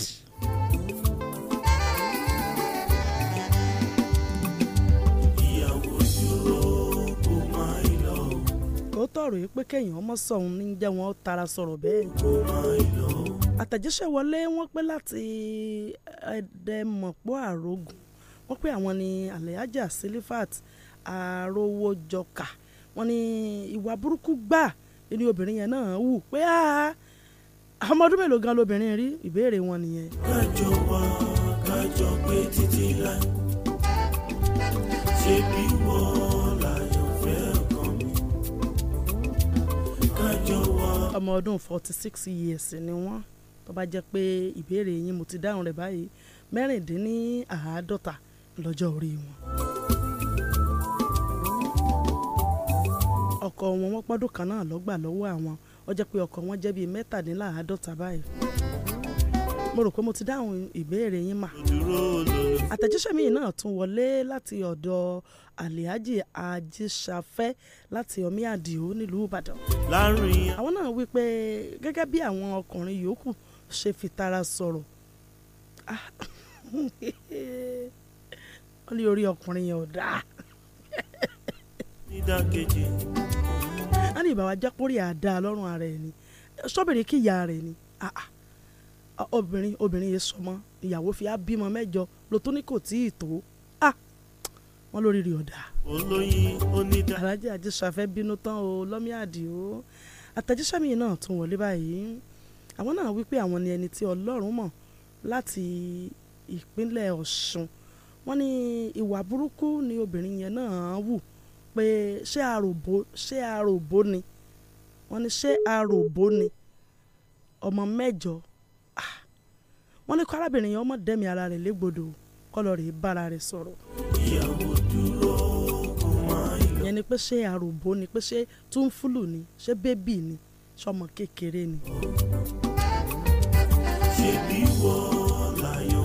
kò tọrọ yìí pé kẹyìn ọmọ sọhún ní jẹ wọn tara sọrọ bẹẹ. àtẹ̀jíṣẹ́ wọlé wọ́n pé láti ẹ̀ẹ́dẹ́mọ̀pọ̀ àrògùn wọ́n pé àwọn ni àlẹ́yájà silifat àròwọ́jọkà wọ́n ní ìwà burúkú gbà ni obìnrin yẹn náà wù pé ọmọ ọdún mélòó gan lobìnrin rí ìbéèrè wọn nìyẹn. kájọ wá kájọ pé títí láì ṣe bí wọ́n láyọ̀ fẹ́ ọkàn mi kájọ wá. ọmọ ọdún forty six years ni wọ́n tó bá jẹ́ pé ìbéèrè yín mo ti dáhùn rẹ̀ báyìí mẹ́rìndínláàádọ́ta lọ́jọ́ orí wọn. ọkọ wọn wọ́n pọ́dún kan náà lọ́gbà lọ́wọ́ àwọn ó jẹ́ pé ọkọ wọn jẹ́ bíi mẹ́tàdínláàádọ́ta báyìí mo rò pé mo ti dáhùn ìbéèrè yín mà. àtẹ̀jíṣẹ́ mi náà tún wọlé láti ọ̀dọ̀ alihaji ajíṣafẹ́ láti omi àdìo nílùú ìbàdàn. àwọn náà wí pé gẹ́gẹ́ bí àwọn ọkùnrin yòókù ṣe fi tara sọ̀rọ̀ ah, wọ́n ní orí ọkùnrin yẹn ò dáa. a ní ìbáwá jápórí àdá lọ́rùn ara ẹ̀ ni sọ́bìnrin kí ìyá rẹ̀ ni ah, ah. obìnrin obìnrin yẹn sọmọ ìyàwó fi á bímọ mẹ́jọ ló tún ní kò tí ì tó wọn lórí rí ọ̀dà. olóyin onídàá. alájà àjíṣà fẹ́ bínú tán o lọ́mí àdìo àtẹ̀jíṣẹ́ mi náà tún wọlé báyìí àwọn náà wípé àwọn ni ẹni tí ọlọ́run mọ̀ láti ìpínlẹ̀ ọ̀ṣun wọ́n ní ìwà burúkú ni obìnrin yẹn náà wù pé ṣé àròbó ṣé àròbó ni wọ́n ní ṣé àròbó ni ọmọ mẹ́jọ wọ́n ní kó arábìnrin yẹn ọmọ dẹ́mi ara rẹ̀ légbodò kọ́lọ̀ rẹ̀ bára rẹ̀ sọ̀rọ̀. ìyàwó dúró kò máa ń lọ. yẹn ni pé ṣé àròbó ni pé ṣé túnfúlù ni ṣé bébì ni sọmọ kékeré ni. ṣèbí wọ láyọ̀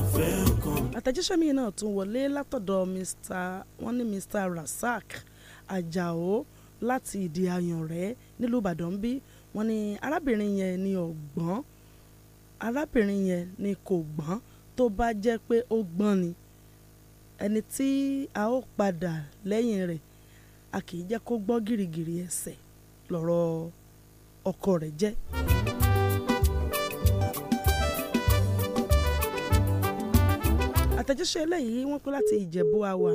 àtẹ̀jíṣẹ́ mi náà tún wọlé látọ̀dọ̀ Mr. wọ́n ní Mr. Rasak Ajao láti ìdí Ayànrẹ́ nílùú Ìbàdàn bí wọ́n ní arábìnrin yẹn ni ọ̀gbọ́n arábìnrin yẹn ni kò gbọ́n tó bá jẹ́ pé ó gbọ́n ni ẹni tí a ó padà lẹ́yìn rẹ̀ a kì í jẹ́ kó gbọ́ gìrìgìrì ẹsẹ̀ lọ́rọ̀ ọkọ rẹ̀ jẹ́. àtẹ̀jíṣẹ́ eléyìí wọ́n pé láti ìjẹ̀bú àwà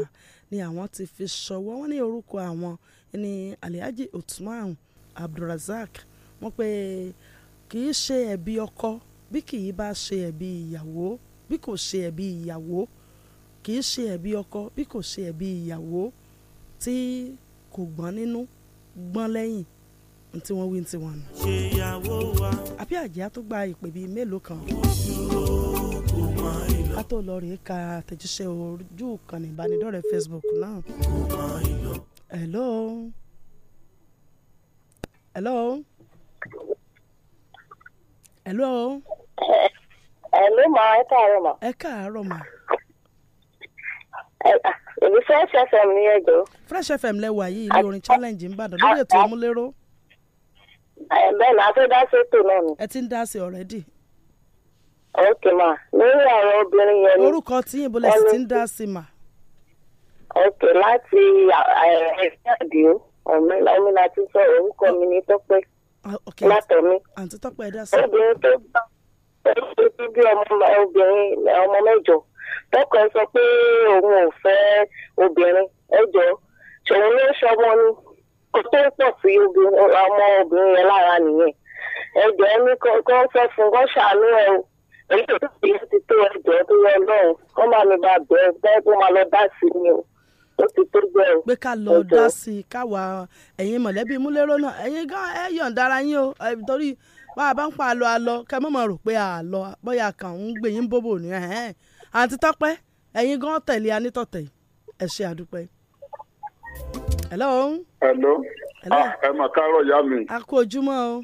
ni àwọn ti fi ṣọwọ́ wọ́n ní orúkọ àwọn ní alihaji usman abdulrasaq wọ́n pé kì í ṣe ẹ̀bi ọkọ bí kì í bá ṣe ẹ̀bi ìyàwó bí kò ṣe ẹ̀bi ìyàwó kì í ṣe ẹ̀bi ọkọ bí kò ṣe ẹ̀bi ìyàwó tí kò gbọ́n nínú gbọ́n lẹ́yìn tí wọ́n wí tí wọ́n àbí àjẹ́ tó gba ìpè bíi mélòó kan. a tó lọ rèé ka àtẹ̀jíṣẹ́ ojú ìkànnì ìbánidọ́rẹ̀ẹ́ Facebook náà. hello. hello. hello. hello ma ẹ káàárọ̀ ma. ẹ káàárọ̀ ma. èmi Fresh FM ni ẹ Fresh FM lẹ́wọ̀ àyè ilé orin challenge ń bàdàn lórí ètò ìmúlẹ́rọ̀. bẹ́ẹ̀ ni a fẹ́ náà ni. ẹ ti ń dá sí already. ok ma lórí àwọn obìnrin yẹn ni. orúkọ tí yìnbọn lẹ ti ń dá sí ma. ok láti ẹ̀fẹ́ àdìo ọ̀mìnà ti sọ orúkọ mi ní tọ́pẹ́ ah, látọ̀mí. àǹtí tọ́pẹ́ sí. obìnrin tó obìnrin ọmọ mẹ́jọ sọ pé òun ò fẹ́ obìnrin ṣòun ló ṣọmọ ni. kò ọmọ obìnrin yẹn lára nìyẹn ẹ̀jẹ̀ ẹni kọ́ fẹ́ fún kọ́ ṣàánú ẹ̀ èyí tó ti yẹ ti tó ẹ̀jẹ̀ tó yẹ lọ́hùn kọ́ máa mi bá bẹ́ẹ̀ bẹ́ẹ̀ tó máa lọ dá sí ni o ó ti tó lọ dá sí i káwa ẹ̀yin mọ̀lẹ́bí múlẹ́rọ́ náà ẹ̀yin gan ẹ̀ yọ̀ǹda o torí bá a bá ń pa rò pé bóyá kàn ń gbé yín bóbò ní ẹ̀hẹ́n àti tọ́pẹ́ hello. hello. Hello. Ah, ẹ mà kárọ̀ ìyá mi. a kú ojúmọ́ o.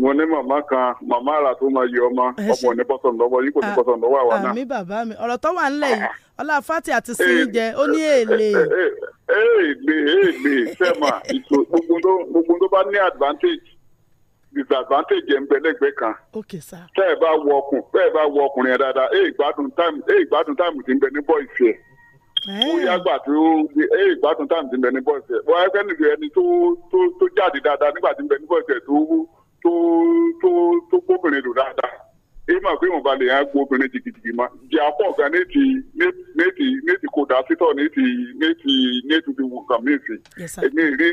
mo ní màmá kan màmá àrà tó máa yẹ ọmọ ọmọ ní bọ́sọ̀n lọ́wọ́ yìí kò ní ah, bọ́sọ̀n lọ́wọ́ àwa náà. àmì bàbá mi ọ̀rọ̀ tó wà nílẹ̀ yìí ọlá fati àti sinmi eh, jẹ ó ní eh, eh, èlé. èèlè èèlè sẹ́mà gbogbo tó bá ní advantage disadvantage ẹ̀ ń bẹ lẹ́gbẹ̀ẹ́ kan. ok sir. tẹ́ ẹ bá wọ ọkùnrin tẹ́ ẹ bá wọ ọkùnrin yẹn dáadáa èè gbádùn táìmù tí ń bẹ ní bọ́ìsì ẹ̀ bóyá eh. gbà tó ẹ eh, ìgbádùn táwọn ti ń bẹ ní bọ́ọ̀sì ẹ̀ wọ́n ẹgbẹ́ nìyẹn ẹni tó jáde dáadáa nígbà tí ń bẹ ní bọ́ọ̀sì tó gbóbìnrin lò dáadáa èyí mà pé wọn balẹ̀ yẹn gbóbìnrin jìgìjìgì ma jẹ́ apọ̀ gan ní ti ní ti ní ti kódà títọ̀ ní ti ní ti ní ti ti wù mí sí. èmi rí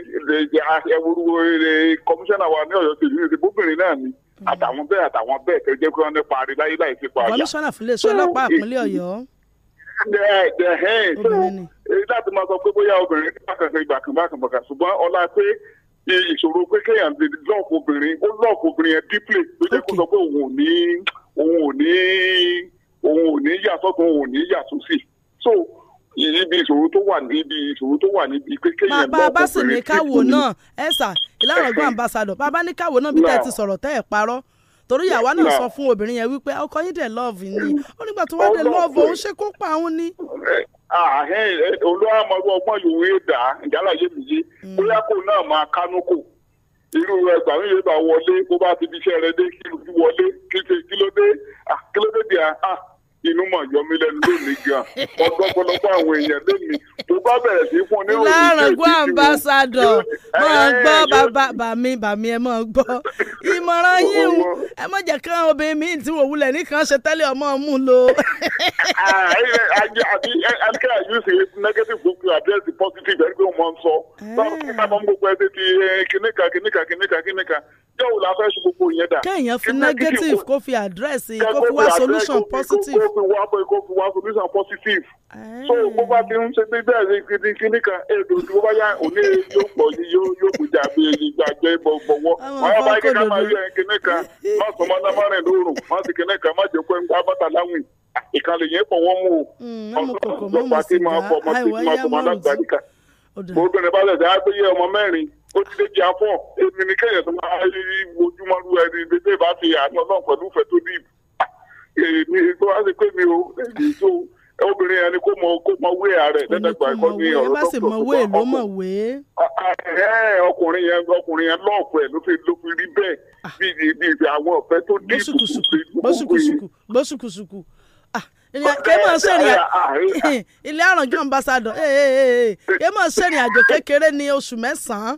ẹ wúruwú ẹ kọmíṣánná wa ní Ọ̀yọ́ tèmi rí bóbìnrin náà ni mm. àtàwọn bẹ́ẹ̀ àtàwọn bẹ́ẹ̀ tẹ́jẹ́ kí wọ́n ní parí láyé láì fi parí. kọmíṣánná fúnlẹ̀ sọ àpínlẹ̀ Ọ̀yọ́ láti máa sọ pé bóyá obìnrin ní bákankan ìgbà kan bákan bákan ṣùgbọ́n ọlá pé ìṣòro pé kéèyàn lè lọ́ọ̀kù obìnrin ó lọ́ọ̀kù obìnrin yẹn dípìlẹ̀ ló jẹ́ kó sọ pé òun ò ní òun ò ní òun ò ní yàtọ̀ òun ò ní yàtọ̀ sí so ibi ìṣòro tó wà níbi ìṣòro tó wà níbi pé kéèyàn lọ́ọ̀kù obìnrin. bàbá sì ní káwò náà ẹ̀sà ìlànà ọgbọ́n àmbàsàdọ̀ bàbá ní káwò náà bí tẹ́ ti sọ̀rọ̀ tẹ́ ẹ parọ́ torí àwa náà sọ fún obìnrin yẹn wípé ọkọ yín dẹ̀ lọ́ọ̀fù ni mm. ó nígbà tó wá dẹ̀ lọ́ọ̀fù òun ṣe kó pa òun ni. olùwàmọ̀ ọgbọ́n yòówé dà ìjálá yé mi yé mm. bóyá kò náà máa kánú kò irú ẹgbàá yìí bá wọlé bó bá ti fi iṣẹ́ rẹ dé kí ló dé kí ló dé kí ló dé inú mọ̀ yọ mí lẹ́nu lónìí gan ọ̀pọ̀lọpọ̀ àwọn èèyàn lónìí tó bá bẹ̀rẹ̀ sí fún oníròyìn ìṣe ìṣe ìṣe ìṣe ambassador máa gbọ́ bàbá bàmí bàmí ẹ máa gbọ́ ìmọ̀ràn yín ẹ má jẹ́ kán obìnrin mi ti wò wulẹ̀ nìkan ṣe tẹ́lẹ̀ ọmọ mú lo. àbí ẹnikẹ́ni àyù ṣe negative gbogbo address the positive ẹni pé wọ́n máa ń sọ eh. báwo kí n bá mọ gbogbo ẹ ti eh, kìnìkan kìnìkan kìnìkan kìnìkan jẹ́ òun la fẹ́ ṣe gbogbo yẹn dà. kéèyàn fi negative kó fi àdírẹ́sì kó fi wá solution positive fi wá pé kó fi wá solution positive so bó bá ti ń ṣe pé bẹ́ẹ̀ ni kíni kíni kan èdè òdì bó bá yá òní yóò pọ̀ yí yóò yóò kú jà bí èyí gbàgbé bọ̀wọ̀ wọn yóò bá yí kíkà máa yẹ kíni kan má sọ má dá má rìn lóòrùn má sì kíni kan má jẹ́ pé abáta láwìn ìkànnì yẹn pọ̀ wọ́n mú o mm, ọ̀sán lọ́pàá tí máa fọ ọmọ tí máa fọ ọmọ alágbàdìkà obìnrin bá lẹ̀sẹ̀ á gbé yẹ ọmọ mẹ́rin ó ti léjì afọ́ èmi ní kẹ́yẹ̀ tó máa rí ojúmọ́ lu ẹni gbèsè bá ti àná náà pẹ̀lú ìfẹ́ tó dìbò èmi tó wá sí pé mi ò èmi tó obìnrin yẹn ni kò mọ kò mọ wé ààrẹ dẹ́dẹ́gbà ẹ̀kọ́ ní ọ̀rọ̀ tó tó tó ọkọ ọkùnrin yẹn ọkùnrin yẹn lọ́ọ̀kù ẹ̀ ló fi ló fi rí bẹ́ẹ̀ bíi ah. bíi àwọn ọ̀fẹ́ tó dé ìkùkù bóṣùkùṣùkù bóṣùkùṣùkù kẹ́ mọ̀ sẹ́rìn ilé àrànjọ́ ambassadọ̀ kẹ́ mọ̀ sẹ́rìn àjò kékeré ní oṣù mẹ́sàn-án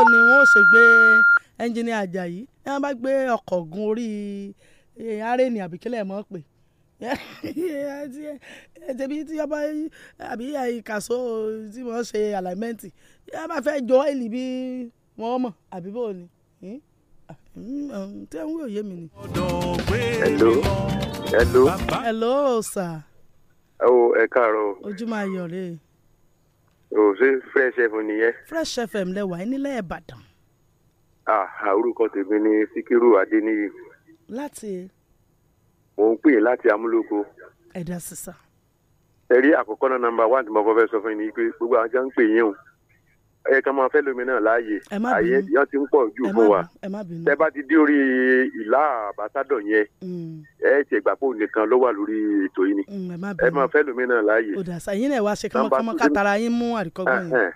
báwo ni wọn ò ṣe gbé ẹnjìnì Àjàyí ni wọn bá gbé ọkọ̀ gun orí eh, arẹ́nì àbíkílẹ̀ mọ́ pé tẹbi tí yọba àbí ìkàsó tí wọ́n ṣe àlàmẹ́ǹtì yọba bá fẹ́ jọ èlì bí wọ́n mọ̀ àbí bò ni hmm? Ah, hmm, tí wọ́n yóò yé mi ni. hello hello hello sir. ẹ wo ẹ káàárọ̀. ojú máa yọ̀ o ṣe fresh fm nìyẹn. fresh fm lẹwà ẹ nílẹ̀ ìbàdàn. orúkọ tèmi ni síkírù adéníyì. láti. mò ń pè láti amúlòkó. ẹ̀dá sísá. ẹ̀rí àkọ́kọ́ náà nọ́mbà one tí mo fọ́ fẹ́ sọ fún yín ni pé gbogbo àwọn jẹ́ ń pè yín o ẹ kàn máa fẹ́ lómi náà láàyè àyè yẹn ti ń pọ̀ jù fún wa tẹ bá ti dé orí ìlà àbátádọ̀ yẹn mm. ẹ ti gbà pé nìkan ló wà lórí ètò yìí ni mm, ẹ máa fẹ́ lómi náà láàyè. ó dà sá yín náà wá ṣe kọ́mọkọ́mọ kátara yín mú àríkọ́gbọ́n yẹn.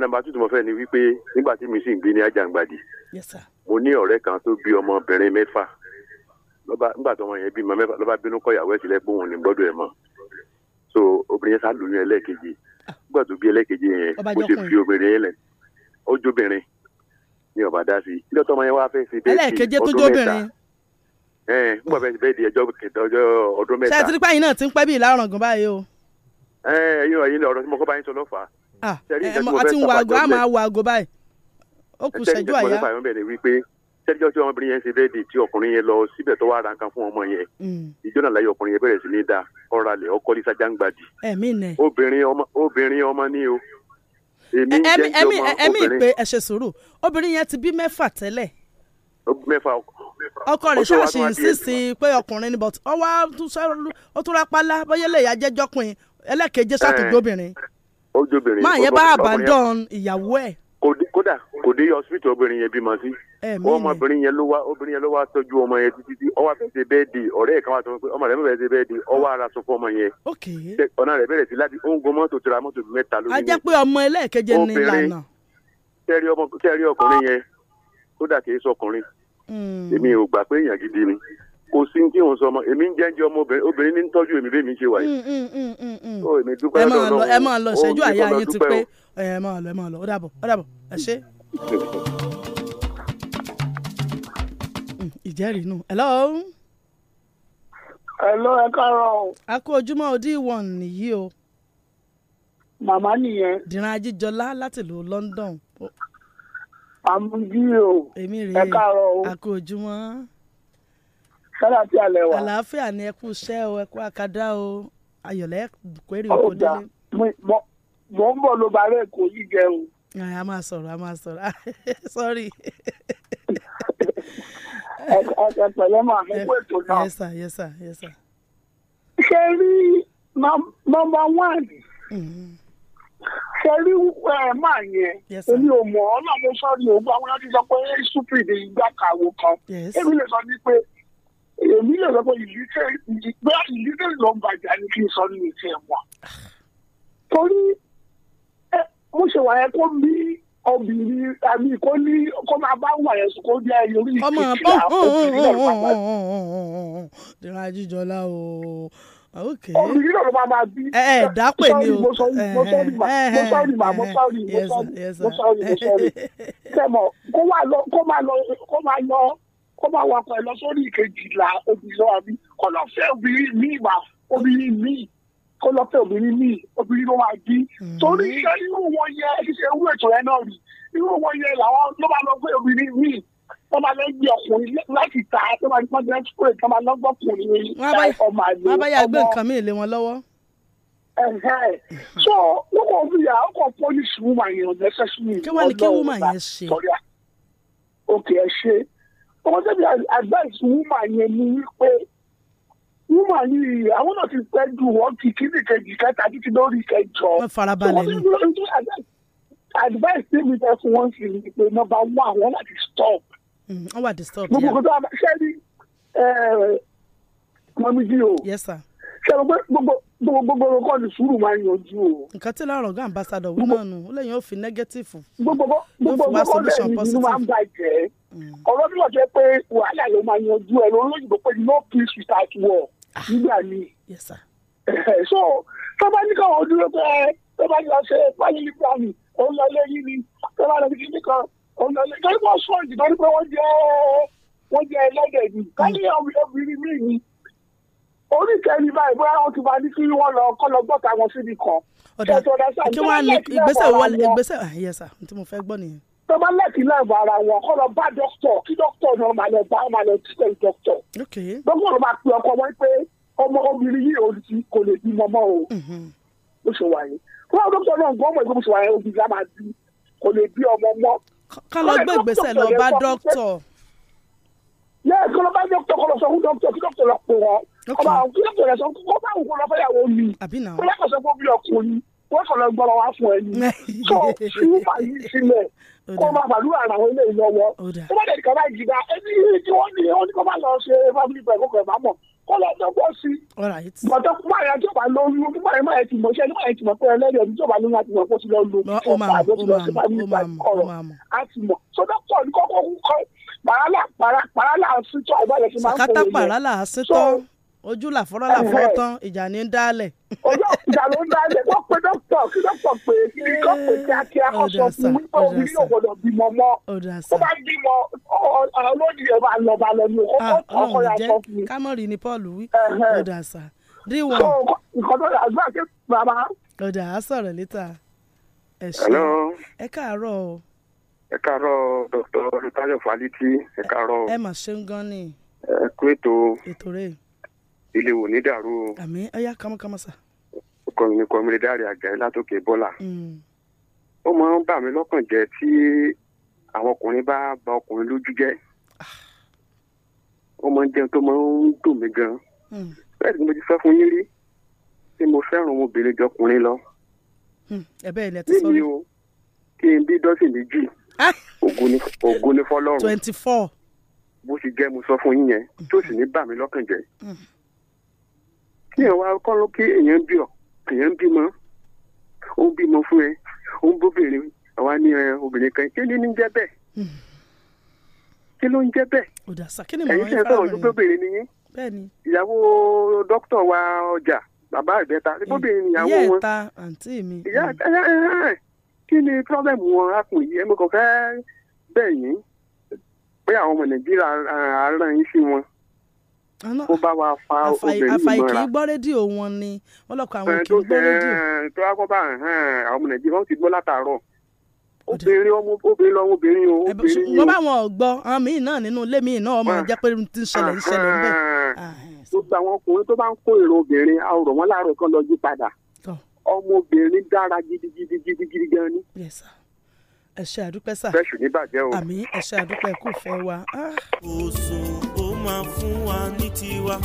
nàmbà tuntun mo fẹ́ ni wípé nígbà tí mi sì ń gbé ní Ajangbadi mo ní ọ̀rẹ́ kan tó bí ọmọbìnrin mẹ́fà nígbà tó ọmọ yẹn bímọ nígbà tó bí ẹlẹ́kejì yẹn mo ṣe fi obìnrin yẹn lẹ̀ ó jóbìnrin ní ọba dá sí ilé ọtọ ọmọ yẹn wá fẹ́ sí bẹ́ẹ̀ sí ọdún mẹ́ta ẹ ẹ nígbà bẹ́ẹ̀ di ẹjọ́ kẹta ọjọ́ ọdún mẹ́ta. ṣé àtìrípá yìí náà ti ń pẹ́ bí ìlàrọ̀ gan báyìí o. ẹ ẹ yín ọ̀yìn ọ̀rọ̀ tí mo kọ́ bá yín sọ lọ́fà. àti ah, ń wo aago a máa wo báyìí ó kù ṣẹ́jú àyà. ẹ sẹ́jọ́ tí ọmọbìnrin yẹn ṣe bẹ́ẹ̀ di tí ọkùnrin yẹn lọ síbẹ̀ tó wá ra nǹkan fún ọmọ yẹn mm. ìjọ́nà láyé ọkùnrin yẹn bẹ̀rẹ̀ sí ní da ọ̀rọ̀ alẹ̀ ọkọ lisa jangbadi obìnrin ọmọ ní o èmi jẹ́ ti ọmọ obìnrin. ẹ̀mí ìpè ẹ ṣe sùúrù obìnrin yẹn ti bí mẹ́fà tẹ́lẹ̀. mẹ́fà ọkọ rẹ̀ ṣáàṣì sísì pé ọkùnrin ni but ọwọ́ ó tún rápálá bóyá lè eh. kódà kò dé hospital obìnrin yẹn bímọ sí ọmọbìnrin yẹn ló wá obìnrin yẹn ló wá tọ́jú ọmọ yẹn títí tí ọwọ́ àfẹ́ ṣe bẹ́ẹ̀ di ọ̀rẹ́ ẹ̀ka wa sọ pé ọmọ rẹ̀ bẹ̀rẹ̀ ṣe bẹ́ẹ̀ di ah. ọwọ́ ara sọ fún ọmọ yẹn. ọ̀nà rẹ̀ bẹ̀rẹ̀ sí láti ó ń gun mọ́tò tura mọ́tò mẹ́ta lórí. a jẹ́ pé ọmọ ẹlẹ́ẹ̀kẹ́jẹ ní ìlànà. tẹ́rí ọkùnrin yẹn tó dà kìí sọkùnrin hmm. èmi ò gbà pé èèyàn gidi ni kò sí tí òun sọ ọmọ èmi ń jẹ́njẹ́ ọmọ obìnrin ní tọ́jú èmi bẹ́ẹ̀ mi ṣe wà yìí. Hmm, hmm, ó èmi dúpẹ́ ẹ máa lọ ṣẹ́jú àyà yín ti pé ẹ máa lọ ẹ máa lọ ó dàbọ̀ ó dàbọ̀ ẹ ṣé ìjẹ́rìí nù. hello. hello ẹ káàárọ̀ o. a kó ojúmọ́ òdì ìwọ̀n nìyí o. màmá nìyẹn. dìran ajíjọlá láti ìlú London. àmújí o. èmi rèé ẹ káàárọ̀ o. a kó ojúmọ́. sálàfíà lẹ wà. àlàáfíà ni ẹ kú iṣẹ́ o ẹ kú àkàdá o ayọ̀lẹ́ kórè òkú délé. mo ń bọ̀ ló bá rẹ̀ kó yí jẹun. a máa sọ̀rọ̀ a máa sọ̀rọ̀ sorry. ẹ pẹ̀lẹ́ máa ẹ kú yes sir yes sir yes sir. ṣe rí one mm-hmm. ṣe rí máa yẹn èmi ò mọ̀ ọ́ náà mo sọ ni òun gbà wọ́n ti sọ pé stupid ìgbà kàwé kan èmi lè sọ ní pé èmi lè sọ pé ìlítẹ̀ ìgbà ìlítẹ̀ ló ń bàjẹ́ ni kí n sọ ní ìtì ah. torí mo ṣe wà yẹn kó bí obìnrin àbí kó ní kó máa bá wà yẹn kó jẹ orí ìkíkíra obìnrin náà pàpà. dira jíjọlá o okay. obìnrin náà ló máa máa bí. ẹ ẹ dápè ni o mọsọrí mọsọrí mọsọrí mọsọrí mọsọrí mọsọrí tẹmọ kó máa lọ kó máa lọ kó máa lọ kó máa wakọ̀ ẹ̀ lọ sórí ìkejìlá obìnrin náà àbí kó lọ fẹ́ obìnrin míì mà obìnrin míì kó lọ́fẹ̀ẹ́ obìnrin míì obìnrin ló máa bí mm-hmm. torí iṣẹ́ irú wọn yẹ iṣẹ́ irú ètò yẹn náà rí irú wọn yẹ làwọn ló máa lọ obìnrin míì wọ́n máa lọ gbé ọkùnrin láti ta tó máa gbọ́n jẹ́ tó ètò máa lọ́gbọ́ ọkùnrin ní ọmọ àlè ọmọ. wọ́n bá yà gbé nǹkan mi lé wọn lọ́wọ́. so wọ́n kò fi yà ọkọ̀ polish woman yẹn necessary. kí wọ́n ní kí woman yẹn ṣe. ok ẹ ṣe ọmọ tẹ́bi advice woman yẹn ni wípé wúmà yìí àwọn náà ti pẹ́ ju wọ́n ti kíní kejì kẹta títí lórí kẹjọ. wọ́n farabalẹ̀ ni. advice tí mi fẹ́ fún wọn sí ni pé nọ́mbà one àwọn láti stop. wọ́n wà disturb. gbogbo kò tó a ṣe ni mọ́mí jí o. yes sir. ṣe gbogbo gbogbo gbogbo kọ́ ni sùúrù máa ń yanjú o. nǹkan tí láàrọ̀ gán ambassadọ̀ wí náà nù ó lè yàn ó fi negative. gbogbo gbogbo gbogbo lẹ́yìn ni máa ń bàjẹ́ ọ̀rọ̀ bí wọ́n jẹ́ pé wàhálà ló máa yanjú ẹ̀ lórí òyìnbó pé no peace without war. Ah. nígbà mi. so tọ́ba ní káwọn dúró pé tọ́ba ní ọ̀sẹ̀ fáyìlì gbàmì òun lọ lẹ́yìn ni tọ́ba lọ sí kíní kan òun lọ lẹ́yìn torí wọ́n sọ ìdìbò ní pé wọ́n jẹ́ wọ́n jẹ́ ẹlẹ́dẹ̀ ni hmm. káyọ̀ obìnrin mi ni orí kẹrin báyìí bóyá wọn ti máa ní kí wọn lọ kọ́ lọ gbọ́ta wọn síbi kan. ọ̀dà kí wọ́n á ní ìgbésẹ̀ wọlé ìgbésẹ̀ àyẹ̀sà ah, tí mo fẹ́ gbọ́ nìyẹn tó bá lẹ́kìí láàbù ara wọn kọ́ lọ bá dókítọ̀ kí dókítọ̀ náà máa lọ bá máa lọ títẹ̀ dókítọ̀. dókítọ̀ ló máa pe ọkọ wọn pé ọmọ obìnrin yìí òun ti kò lè bímọ mọ́ o mhm. bó ṣe wà yẹn wọn dókítọ̀ náà gbọ́ ọmọ ìgbó bó ṣe wà yẹn obìnrin á máa bí kò lè bí ọmọ mọ́. ká gbé ìgbésẹ̀ lọ bá dókítọ̀. yẹ́n kí ló bá dókítọ̀ kọ́ lọ sọ fún dókítọ̀ kí dókítọ̀ lọ pè wọ́n ọba àwọn kí dókítọ̀ rẹ̀ sọ kó bá òun kó lọ fẹ́yàwó mi kó lọ́kọ̀ wọ́n kàn lọ gbọ́dọ̀ wá fún ẹ yìí tó fi fàyè sílẹ̀ kó máa fàdúrà àwọn ilé ìlọ́wọ́ tó bá dẹ̀ka bá jìdá ẹni tí wọ́n ní wọ́n ní kó má lọ ṣe family plan kókò ẹ̀ bá mọ̀ kó lọ dọ́gbọ́ sí i bọ̀dọ̀ kó má yẹ tí ó bá lóyún kó má yẹ má yẹ tì mọ̀ ṣẹ́ ní má yẹ tì mọ̀ pé ẹlẹ́rìí ọdún tí ó bá lóyún àti mọ̀ kó ti lọ lu ọ̀pá àbó ti lọ sí family plan kọ̀rọ̀ àti mọ̀ so dọ́kítọ̀ ní kọ́kọ́ kọ́ pàrálà pàrálà àsìtọ́ àbálẹ̀ fi máa ń fọ ojú làfọ́rọ́ làfọ́ tán ìjà ní ń dálẹ̀. ojú ìjà ló ń dálẹ̀ wọ́n pe dókítà kí dókítà pe kí kò pe kíákíá kó sọ fún wípé omi yóò gbọdọ̀ bímọ mọ́ kó bá bímọ olóòdì ẹ̀ máa lọ bá lọ ní ọkọ̀ ọkọ̀ yà sọ fún mi. kámọ́rì ni paul wí ọ̀dà sà rí wọn. nǹkan tó yà gbà ké bàbá. ọ̀dà á sọ̀rọ̀ létà ẹ ṣé ẹ káàárọ̀ o. ẹ káàárọ̀ dr olùtayọ̀ faliti ẹ káàárọ̀. ẹ mà ṣeun gan ni. ẹ kú ètò. ètò rẹ̀ ilé wo ní dàrú o. àmín ẹyà kámọ́kámọ́ sà. kọmìnì kọmìnì dáre àgàrí látòkè bọ́là. Hmm. ó máa ń bà mí lọ́kàn jẹ́ tí àwọn ọkùnrin bá ba ọkùnrin lójú jẹ́. Ah. ó máa ń jẹun tó máa ń dùn mí gan. Hmm. bẹ́ẹ̀ ni mo ti sọ fún yín rí tí mo fẹ́ràn obìnrin jọkùnrin lọ. Hmm. ẹ bẹ́ẹ̀ ilẹ̀ ti sọ mi. o kí n bí dọ́sìn méjì. Ah. ògo ni fọlọ́run. twenty four. bó ti jẹ́ mo sọ fún yín yẹn tó sì ní bà mí lọ́kàn jẹ́ kí èèyàn wá kọ́ ló kí èèyàn bí ọ èèyàn bímọ ó ń bímọ fún ẹ ó ń bóbìnrin àwa ní obìnrin kan kí ni ní jẹ́ bẹ́ẹ̀ kí ló ń jẹ́ bẹ́ẹ̀ ẹ̀yin tí ń sọ̀rọ̀ ló bóbìnrin ni yín ìyàwó dókítà wa ọjà bàbá ìbẹ́ta bóbìnrin ìyàwó wọn ìyá kí ni pírọ́bẹ̀mù wọn akùn yìí ẹ̀mí kan fẹ́ bẹ́ẹ̀ yín pé àwọn ọmọ nàìjíríà àárọ̀ yín sí wọn ó bá wa fa obìnrin mọ́ra. àfàìkì gbọ́ rédíò wọn ni wọ́n lọ́kọ̀ àwọn òkè gbọ́ rédíò. tó bá kọ́ bá àwọn ọmọ nàìjíríà wọ́n ti gbọ́ látàárọ̀ obìnrin ọmọ obìnrin lọ́wọ́ obìnrin o obìnrin yìí o. wọ́n bá wọn gbọ́ àwọn míì náà nínú ilé míì náà ọmọ ìjẹ́ ah. pé ti ń ṣẹlẹ̀ ń ah, ṣẹlẹ̀ ńbẹ̀. Ah. gbogbo àwọn ọkùnrin tó bá ń kó èrò obìnrin àwòrán wọn láàárọ̀ kan lọ yí padà ọmọbìnrin dára gidigidi gidigidi gan ni. ẹ ṣe àdúpẹ́ sà àmì ẹ ṣe àdúpẹ́ kò fẹ́ wa. máa fún wa ní tiwa.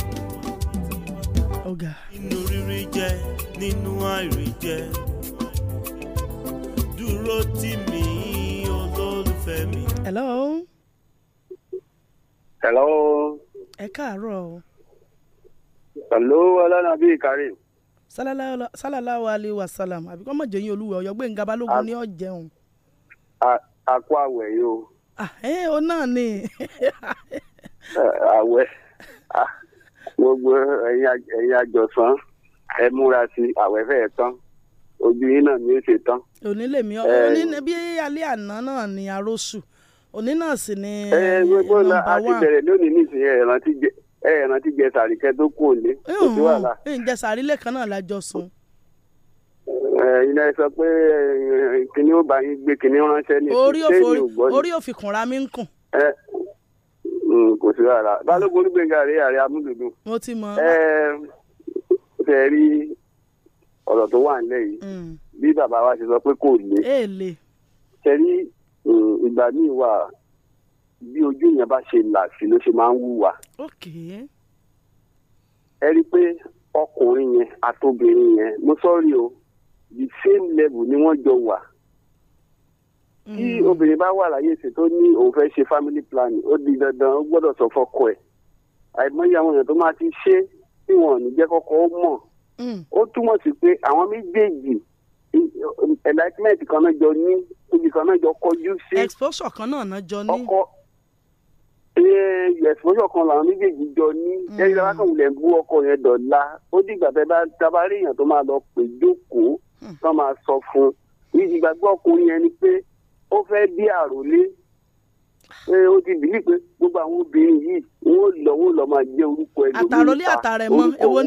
inú rírí jẹ nínú àìrí jẹ dúró tì mí olólùfẹ́ mi. hello. hello. ẹ káàárọ̀ o. hello alanabi karim. sálàláwà wa yín olúwa ọ̀yọ́ gbẹ̀ngà balógun ní a àwẹ̀ yìí o. Ah, ẹ náà ni. àwẹ̀ gbogbo ẹ̀yin àjọsán ẹ múra sí àwẹ̀ fẹ́ẹ̀ tán ojú yín náà ni ó ṣe tán. òní lèmi ọ òní bí alẹ́ àná náà ni arósù òní náà sì ni nọ́mbà wán. ẹ eh, gbogbo la a ti bẹ̀rẹ̀ lónìí nísìnyí ẹ̀ rántí jẹ ẹ ẹ rántí jẹ sàrí kẹ tó kú òní kò sí wàhálà. ẹ ǹjẹ́ sàrí lẹ́ẹ̀kan náà la jọ sùn. ẹ iná ẹ sọ pé kíní ó bá yín gbé kíní ránṣẹ́ ní ìfẹ́ mi ò gbọ́ ni. orí òfin kùnra mi ń kùn. Mm, kò sí rárá balógun olúgbẹ̀ngà àríyá àríyá amúdùdù. mo ti mọ. ẹ ṣe rí ọ̀rọ̀ tó wà nílẹ̀ yìí mm. bí bàbá wa ṣe sọ pé kò le. ẹ lè. ṣe rí mm, ìgbà míì wà bí ojú yẹn bá ṣe là sí ló ṣe máa ń wúwa. ẹ rí pé ọkùnrin yẹn àtobìnrin yẹn mo sọ́ọ́rì o the same level ni wọ́n jọ wà tí mm-hmm. obìnrin bá wà láyé ṣe tó ní òun fẹ́ ṣe family planning ó di dandan ó gbọ́dọ̀ sọ fọ́kọ ẹ̀ àìmọye àwọn èèyàn tó máa ti ṣe tí wọn ò ní jẹ́ kọ́kọ́ ó mọ̀ mm. ó túmọ̀ sí pé àwọn méjèèjì enlightenment kan náà jọ ní ibi kan náà jọ kọjú sí exposure kan náà náà jọ ní ọkọ exposure kan làwọn méjèèjì jọ ní mm. ẹni tí a bá kàn wulẹ̀ bú ọkọ yẹn dọ̀la ó dìgbà tẹ́ bá tabarí èèyàn tó máa lọ pè jókòó mm. tó máa sọ fún ìgbàgbọ́ ọkùnrin yẹn ni pé ó fẹ́ bí àròlé pé ó ti pé gbogbo àwọn obìnrin yìí wọ́n lọ wọ́n lọ máa jẹ́ orúkọ ẹ̀ lórí ìta àtàròlé àtàrẹ̀mọ èwo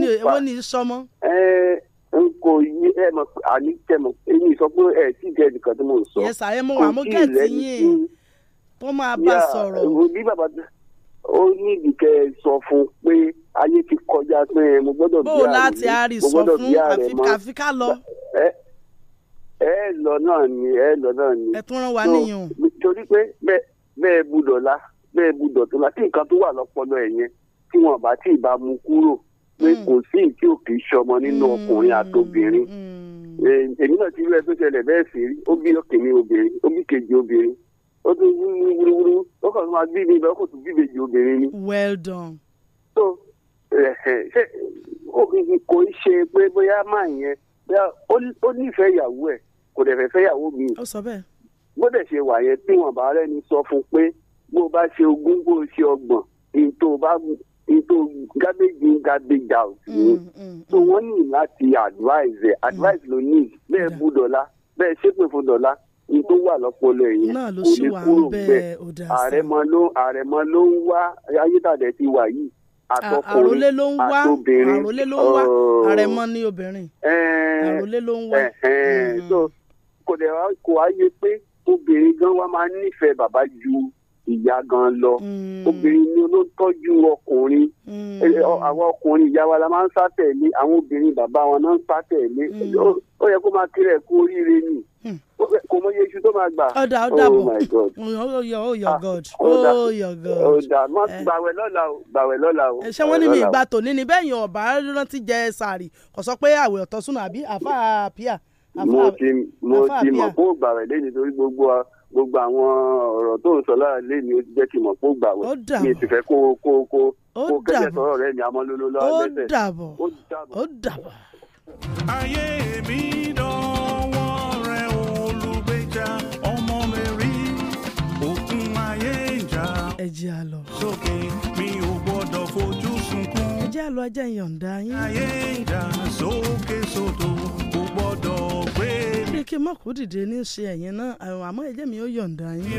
ni ni sọmọ. ẹ n kò yí ẹ mọ àní tẹmọ èmi sọ pé ẹ tí ì gẹ̀ẹ́dì kan tí mo sọ. yẹsà ẹ mọ àmọ gẹẹti yín kó máa bá sọ̀rọ̀. bàbá ó ní sọ fún pé ayé ti kọjá pé mo gbọ́dọ̀ bí àròlé mo ẹ lọ náà ni ẹ lọ náà ni. ẹ tún rán wa níyàn. torí pé bẹ́ẹ̀ gbúdọ̀ la bẹ́ẹ̀ gbúdọ̀ tó la tí nǹkan tó wà lọ́pọlọ ẹ̀ yẹn tí wọn bá tí ì bá mú kúrò pé hmm. kò sí ìtí òkè ìṣọmọ nínú hmm. ọkùnrin àtobìnrin hmm. èmi náà ti rí ẹgbẹ́ ṣẹlẹ̀ bẹ́ẹ̀ sí rí ó bí ọkùnrin obìnrin ó bí kejì obìnrin ó tún wúrúwúrú ó kàn máa bí mi lọ́kọ̀ tún bí bèjì obìnrin ni. well done. so ṣe kò ń ṣe pé bóyá máa yẹn ó nífẹ̀ẹ́ ìyàwó ẹ̀ kò dẹ̀ fẹ́ fẹ́yàwó mi. ó sọ bẹ́ẹ̀. bó dẹ̀ ṣe wà yẹn tí wọ́n bá rẹ́ ni sọ fún pé bó bá ṣe ogún bó ṣe ọgbọ̀n ètò bá ètò gábéjì gábéjà ò sí ni. Mm, mm, mm. so wọ́n ní láti advice ẹ̀ advice ló ní bẹ́ẹ̀ bú dọ́là bẹ́ẹ̀ ṣépè fún dọ́là n tó wà lọ́pọ̀lọ́ yìí kò ní kúrò bẹ́ẹ̀ àrẹ̀mọ ló àrẹ̀mọ ló ń wá ayétàdẹ̀ ti wà yìí àtọkùnrin àtobìnrin àròlé ló ń wá àrẹ̀mọ ní obìnrin àròlé ló ń wá. Oh kò dẹ̀ wá kò wá pé obìnrin gan wa máa nífẹ̀ẹ́ bàbá ju ìyá gan lọ hmm. obìnrin ni ló ọkùnrin hmm. àwọn ọkùnrin ìyá wa la máa ń sá tẹ̀lé àwọn obìnrin bàbá wọn náà ń sá tẹ̀lé hmm. ó yẹ kó máa kéré kú oríire nì kò mọ iye iṣu tó máa gbà. ọ̀dà ọ̀dà bò oh your god oh your god. ọ̀dà má eh. gbàwẹ̀ lọ́la o gbàwẹ̀ lọ́la o. ṣé wọ́n ní mi ìgbà tòní ni bẹ́ẹ̀ yàn ọ̀bá rántí jẹ sàárì kò sọ pé àwẹ̀ ọ̀tọ̀ súnà àbí àfáà píà mo ti mọ̀ kó gbà rẹ̀ lé nítorí gbogbo gbogbo àwọn ọ̀rọ̀ tó ń sọ lára lé ni ó ti jẹ́ kí n mọ̀ kó gbà wẹ̀ mi ti fẹ́ kó kó kó kó kẹ́lẹ̀ sọ̀rọ̀ rẹ̀ ni amọ́lóló lọ́wọ́ lẹ́sẹ̀ ó dàbọ̀ ó dàbọ̀. ayé mi dánwọ́ rẹ̀ olùgbèjà ọmọ mi rí òkun ayé ìjà. ẹ àlọ́. sókè mi ò gbọ́dọ̀ fojú. ẹjẹ́ àlọ́ ẹjẹ́ ìyọ̀ǹda yín. ayé ìdá sókè sódò kò gbọ́dọ̀ gbé. bí kí n mọ̀ kó dìde ní ṣe ẹ̀yìn náà àwọn àmọ́ ẹjẹ́ mi ó yọ̀ǹda yín.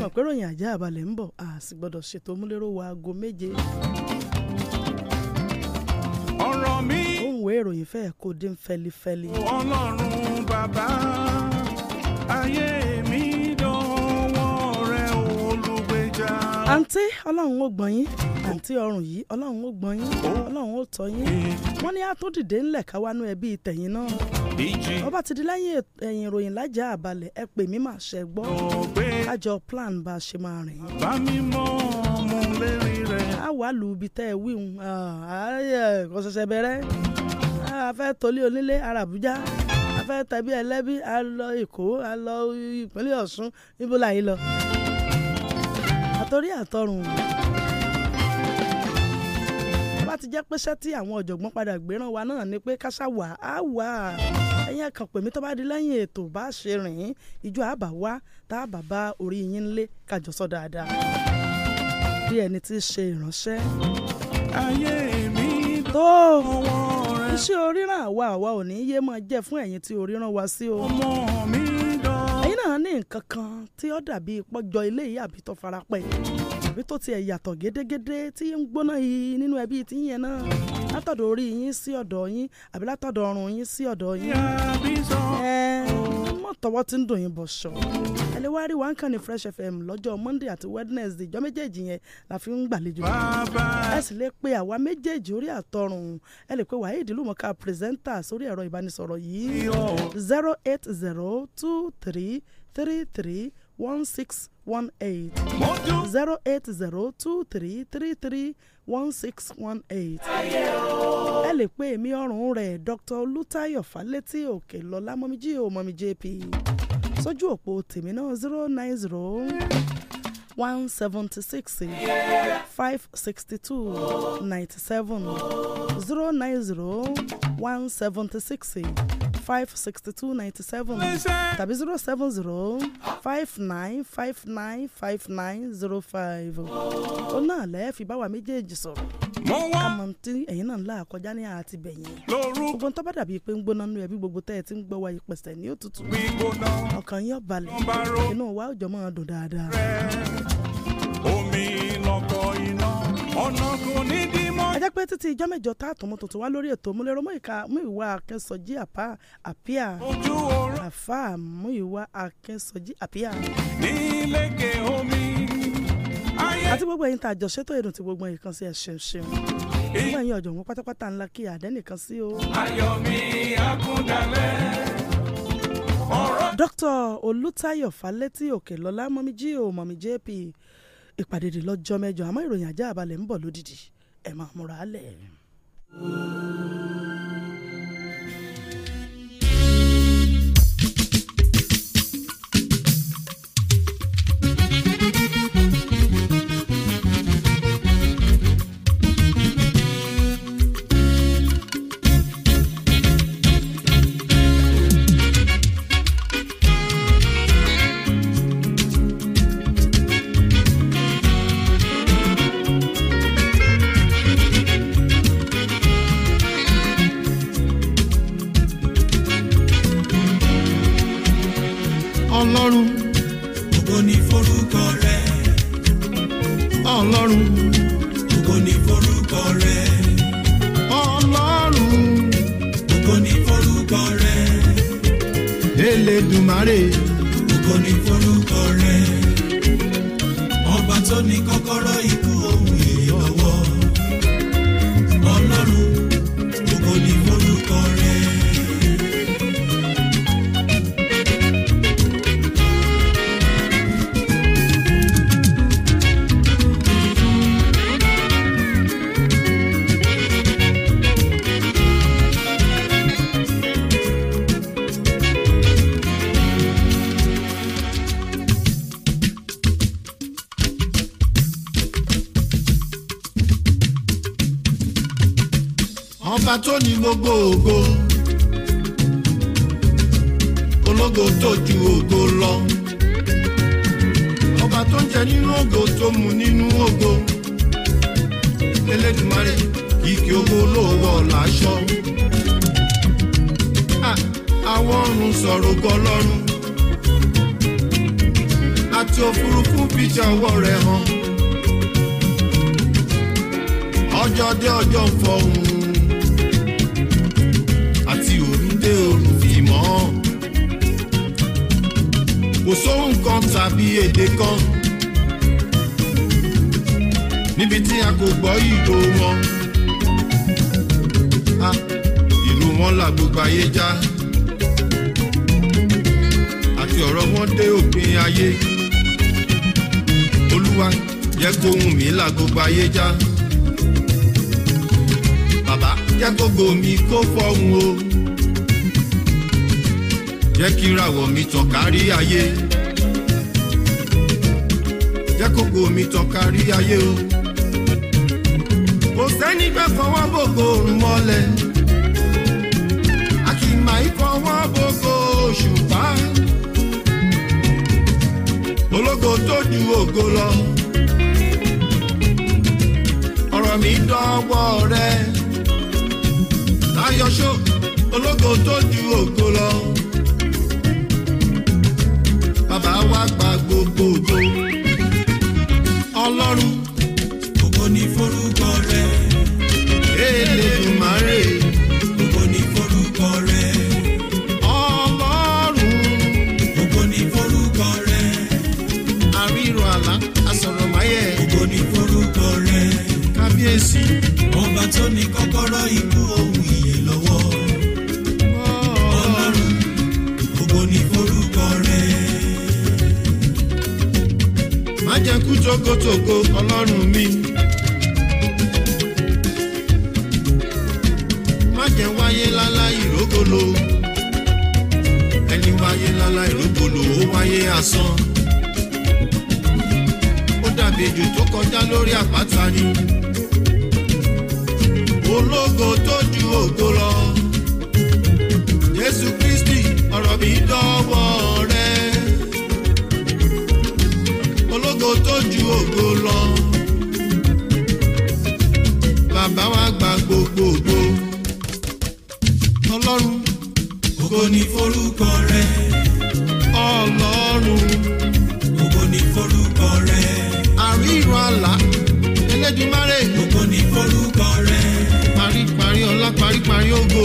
mọ̀ pé ròyìn ajá àbálẹ̀ ń aago méje. ọ̀rọ̀ mi. àǹtí ọlọ́run ó gbọ́n yín àǹtí ọrùn yìí ọlọ́run ó gbọ́n yín ọlọ́run ó tọ́ yín wọ́n ní àtúndìdé ńlẹ̀ káwánú ẹbí tẹ̀yìn náà ọba ti di lẹ́yìn ẹ̀yìn ìròyìn lájà àbálẹ̀ ẹ pè mí màá ṣẹ gbọ́ àjọ plan bá a ṣe máa rìn. bá mi mọ ọmọ lérí rẹ. a wà lù ibi tẹ́ ẹ wíhun kò ṣẹ̀ṣẹ̀ bẹ̀rẹ̀ a fẹ́ tolé onílé ara Àbújá a fẹ́ tẹ̀bí ẹlẹ́bí a lọ Èkó a lọ ìpínlẹ̀ Ọ̀ṣun níbo la lọ àtọ̀rí àtọ̀run bá ti jẹ́ pẹ́sẹ́ tí àwọn ọ̀jọ̀gbọ́n padà gbéràn wa náà ni pé káṣá wà á wà á ẹ̀yin ẹ̀kan pèmí tó bá di lẹ́yìn ètò bá ṣe rìn ìjọ àbá wá tá a bá bá orí yín lé kájọ sọ dáadáa bí ẹni tí í ṣe ìránṣẹ́. ayé mi tó iṣẹ́ oríran àwa àwa ò ní yé máa jẹ́ fún ẹ̀yin tí oríran wa sí o. ọmọ mi náà ní nǹkan kan tí ó dàbí pọ́jọ ilé yìí àbí tó farapẹ́ àbí tó tiẹ̀ yàtọ̀ gédégédé tí ń gbóná yìí nínú ẹbí tí ń yẹn náà látọ̀dọ̀ orí yín sí ọ̀dọ̀ yín àbí látọ̀dọ̀ ọrùn yín sí ọ̀dọ̀ yín. ẹ tọwọ́ tí ń dùn yín bọ̀ ṣọ. ẹ wá rí wọn kàn ní Fresh FM lọ́jọ́ Monday àti Wednesday ìjọ méjèèjì yẹn la fi ń gbàlejò. ẹ sì lè pe àwa méjèèjì orí àtọrùn ẹ lè pe Waheed Lumọka pírẹsẹ́ńtà sórí ẹ̀rọ ìbánisọ̀rọ̀ yìí zero eight zero two three. Three three three three three one one six eight eight zero zero two one six one eight. ẹ lè pe èmi ọ̀rùn rẹ̀ Dr. Olútáyọ̀ Fálétí òkè lọ́lá mọ́míjì ò mọ́mí JP sójú òpó tèmi náà zero nine zero one seventy six five sixty two ninety seven tàbí zero seven zero five nine five nine five nine zero five ó náà lẹ́ẹ̀ fi bá wa méjèèjì sọ̀rọ̀ àmọ́ tí ẹ̀yin náà ń là kọjá ní àti bẹ̀yìn gbogbo tó bá dàbí pé ń gbóná nínú ẹbí gbogbo tẹ́ ẹ ti ń gbọ́ wa ìpẹ̀sẹ̀ ní òtútù ọkàn yín ọ̀balẹ̀ inú wa òjò máa dùn dáadáa. omi lọkọ iná ọ̀nà kò ní dé ajẹ́ pé títí ijọ́ mẹ́jọ tá àtọmọ tuntun wá lórí ètò múlẹ́rọ mú ìwà akẹ́sọ̀jì àpá àpíà àfà mú ìwà akẹ́sọ̀jì àpíà. ní lẹ́kẹ̀ omi ayé. àti gbogbo ẹ̀yin tá a jọ ṣètò gbogbo ẹ̀yin kan sí ẹ̀ṣẹ̀ ṣeun nígbà yín ọ̀jọ̀gbọ́n pátápátá ńlá kí àdẹ́nìkan sí o. ayọ̀ mi akúndalẹ̀ dókítà olùtayọ̀ falẹ́tì òkèlọ́lá mọ́mí jí mọ́mí jp ìpàdé di lọ́jọ́ mẹ́jọ àmọ́ ìròyìn ajá àbálẹ̀ ń bọ̀ lódìdí. Emma Morales. Eh. ní forúkọ rẹ. dumare, Ògo ní forúkọ rẹ. Ọba tó ní kọ́kọ́rọ́ ikú òun èèyàn. ọba tó ní gbogbo ògo ológo tó ju ògo lọ ọba tó ń jẹ nínú ògo tó mu nínú ògo Elédùmarè kìkì ògo lówó làásọ àwọn ọ̀run sọ̀rọ̀ gọlọ́run àti òfurufú fìjà ọwọ́ rẹ̀ hàn ọjọ́ dé ọjọ́ ń fọ̀hún. tàbí èdè kan níbi tí a kò gbọ́ ìlò wọn ah, ìlú wọn là gbogbo ayé já àti ọ̀rọ̀ wọn dé òpin ayé olúwa jẹ́ kó ohùn mi là gbogbo ayé já bàbá jẹ́ kó mi kó fọ́hùn o jẹ́ kí ìràwọ̀ mi tàn kárí ayé jẹ́ kókó mi tàn kárí ayé o. kò sẹ́ni fẹ́ fọwọ́ bògo òrùn mọ́lẹ̀. àkìmà ìfọwọ́ bògo òṣùpá. ológo tó ju ògo lọ. ọ̀rọ̀ mi dọ́wọ́ rẹ̀. Táyọ̀ ṣó ológo tó ju ògo lọ. ọlọ́run tógótógó ọlọ́run mi. má jẹ́ wáyé lálá ìrógolo ẹni wáyé lálá ìrógolo ó wáyé asán. ó dàbí ejò tó kọjá lórí àpáta ni. ológo tó ju ògo lọ. jésù kristi ọ̀rọ̀ mi dọ́wọ́. ògo tó ju ògo lọ. Bàbá wa gba gbogbo ògo. Ọlọ́run. Ògo ni forúkọ rẹ. Ọlọ́run. Ògo ni forúkọ rẹ. Àríran àlá. Elédùmarè. Ògo ni forúkọ rẹ. Paríparí ọlá paríparí ògo.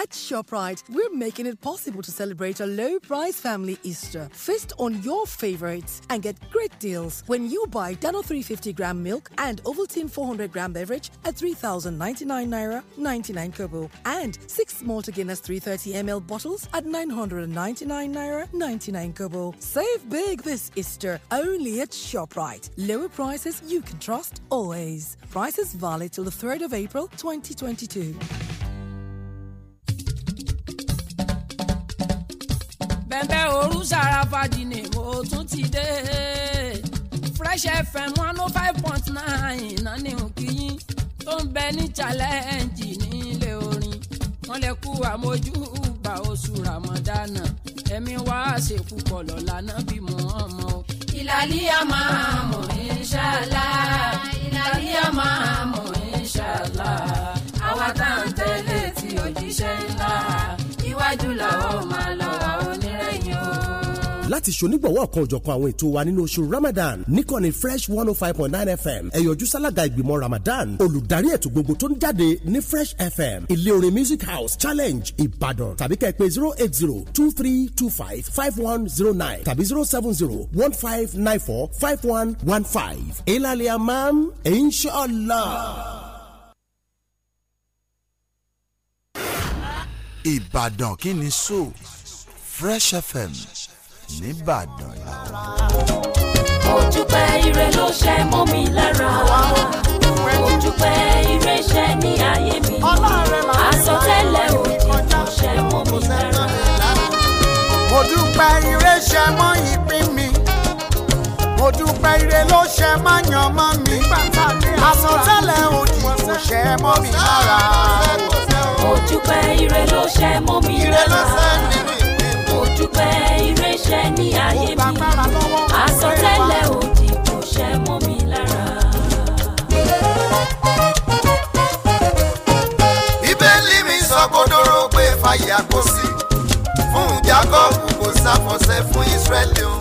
At ShopRite, we're making it possible to celebrate a low price family Easter. Feast on your favorites and get great deals when you buy Dano 350 gram milk and Ovaltine 400 gram beverage at 3,099 naira 99 kobo and six Malta Guinness 330 ml bottles at 999 naira 99 kobo. Save big this Easter only at ShopRite. Lower prices you can trust always. Prices valid till the 3rd of April 2022. bẹ́ẹ̀ òru sara fàjìnnì mo tún ti dé fresh fm one oh five point nine nání òkìyín tó ń bẹ ní challenge nílé orin wọn lè kú àmójú bá oṣù ramadana ẹ̀mí wá ṣèkú pọ̀ lọ́la náà bí mo hàn mọ́. ìlàlí a máa mọ̀ inshallah ìlàlí a máa mọ̀ inshallah àwa tá à ń tẹ̀lé tí òjíṣẹ́ ńlá iwájú làwọn máa lọ àwọn onírẹ̀yìn o láti ṣonígbọ̀wọ́ ọ̀kan òjọ̀kan àwọn ètò wa nínú oṣù Ramadan níkànnì fresh one oh five point nine FM ẹ̀yọ̀jú sálága ìgbìmọ̀ Ramadan olùdarí ètò gbogbo tó ń jáde ní fresh FM ilé orin music house challenge Ìbàdàn tàbí kẹ́ ẹ pè zero eight zero two three two five five one zero nine tàbí zero seven zero one five nine four five one one five ìlàlẹ̀ àmàm inshallah. Ìbàdàn kí ni so Fresh FM nìbàdàn làwọn. ojúpẹ́ ire ló ṣe mọ́ mi lára ojúpẹ́ ire ṣe ní ayé mi àsọtẹ́lẹ̀ òdì ló ṣe mọ́ mi lára. ojúpẹ́ ire ṣe mọ́ ìpín mi ojúpẹ́ ire ló ṣe má yan mọ́ mi àsọtẹ́lẹ̀ òdì ló ṣe mọ́ mi lára mo dúpẹ́ ire ló ṣe mọ́ mi lára mo dúpẹ́ ire ṣe ní ayé mi àsọtẹ́lẹ̀ òdì kò ṣe mọ́ mi lára. ìbéèlì mi sọ kodoro pé fàyà kò fún Jákọ́bù kò ṣàfọ̀ṣẹ fún Ísírẹ́lì o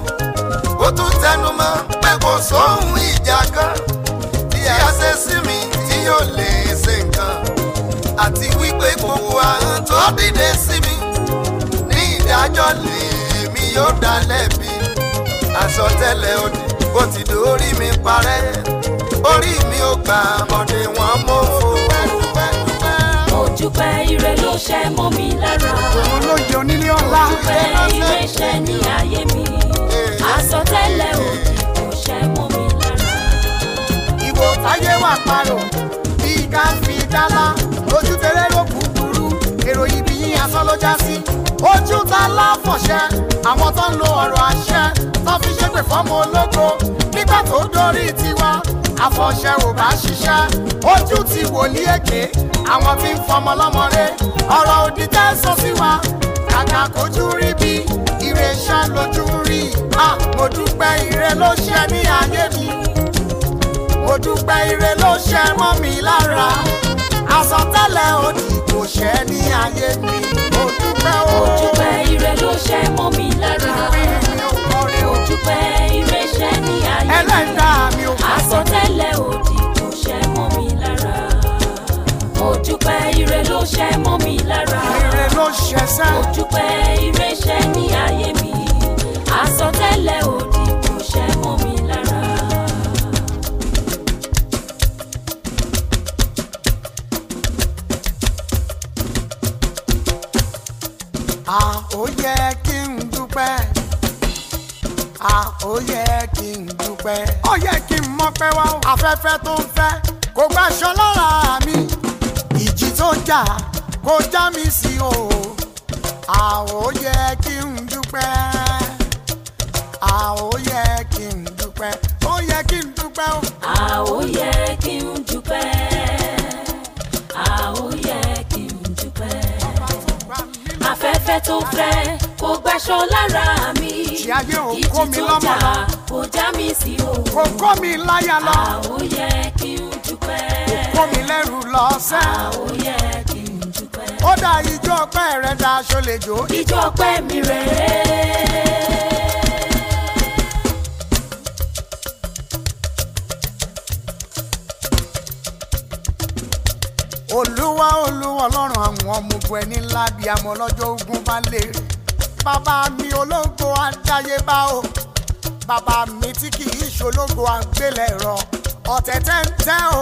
ó tún tẹnu mọ́ pé kò sóhun ìjà kan tí a ṣe sí mi tí yóò lè ṣe nǹkan àti wípé gbogbo àwọn tó dìde sí mi ní ìdájọ́ lèmi yóò dá lẹ́bi àsọtẹ́lẹ̀ òdì ó ti dórí mi parẹ́ orí mi ò gbà ọ̀dẹ̀ wọn mọ́ o. mo dúpẹ́ ire ló ṣe mọ́ mi lára. òun ló yọ nílé ọ̀la. mo dúpẹ́ ire ṣe ní ayé mi àsọtẹ́lẹ̀ òdì kò ṣe mọ́ mi lára. ìwò táyé wà parọ́ bí ká fi dá lá asán ló já sí ojú ta láfọ̀ṣẹ́ àwọn tó ń lo ọ̀rọ̀ àṣẹ tó fi ṣépè fọ́mọ ológo nígbà tó dorí tiwa àfọ̀ṣẹ ò bá ṣiṣẹ́ ojú ti wòlíì èké àwọn tí ń fọmọ lọ́mọ rẹ̀ ọ̀rọ̀ òdì tẹ́ sọ sí wa kàkà kojú rí bí ire ṣá lójú rí mo dúpẹ́ ire ló ṣe ní ayé mi mo dúpẹ́ ire ló ṣe mọ́ mi lára àsọtẹ́lẹ̀ òdì ṣẹ́ ní ayé mi mo dúpẹ́ ire ló ṣe mọ́ mi lára. mo ire ṣẹ́ ní ayé mi. ẹlẹ́dàá mi ò fẹ́. àsọtẹ́lẹ̀ òdì ṣe mọ́ mi lára. mo ire ló ṣe mọ́ mi lára. ire ló ṣe sẹ́. mo ire ṣẹ́ ní ayé mi. àsọtẹ́lẹ̀ òdì. yẹ kí n dúpẹ́ à ó yẹ kí n dúpẹ́ ó yẹ kí n mọ́pẹ́ wá afẹ́fẹ́ tó ń fẹ́ kó gbàṣọ lára mi ìjì tó jà kó já mi sí o à ó yẹ kí n dúpẹ́ à ó yẹ kí n dúpẹ́ ó yẹ kí n dúpẹ́ o. à ó yẹ kí n dúpẹ́. ìfẹ́ tó fẹ́ kò gbẹ́sọ lára mi. ìjì ayé ò kó mi lọ́mọ lọ. kò já mi sí o. kò kó mi láyà lọ. àó yẹ kí n dúpẹ́. kò kó mi lẹ́rù lọ sẹ́. àó kí n dúpẹ́. ó dá ijó ọpẹ́ rẹ̀ dá aṣọ lè jó. ijó ọpẹ́ mi rèé. olúwa olúwa ọlọ́run àwọn ọmọ ogun ẹni ńlá bíi amọ̀ lọ́jọ́ ogun bá lè rè bàbá mi ológo adáyébá o bàbá mi tí kì í ṣológo àgbélẹ̀rọ ọ̀tẹ̀ tẹ́ńtẹ́ o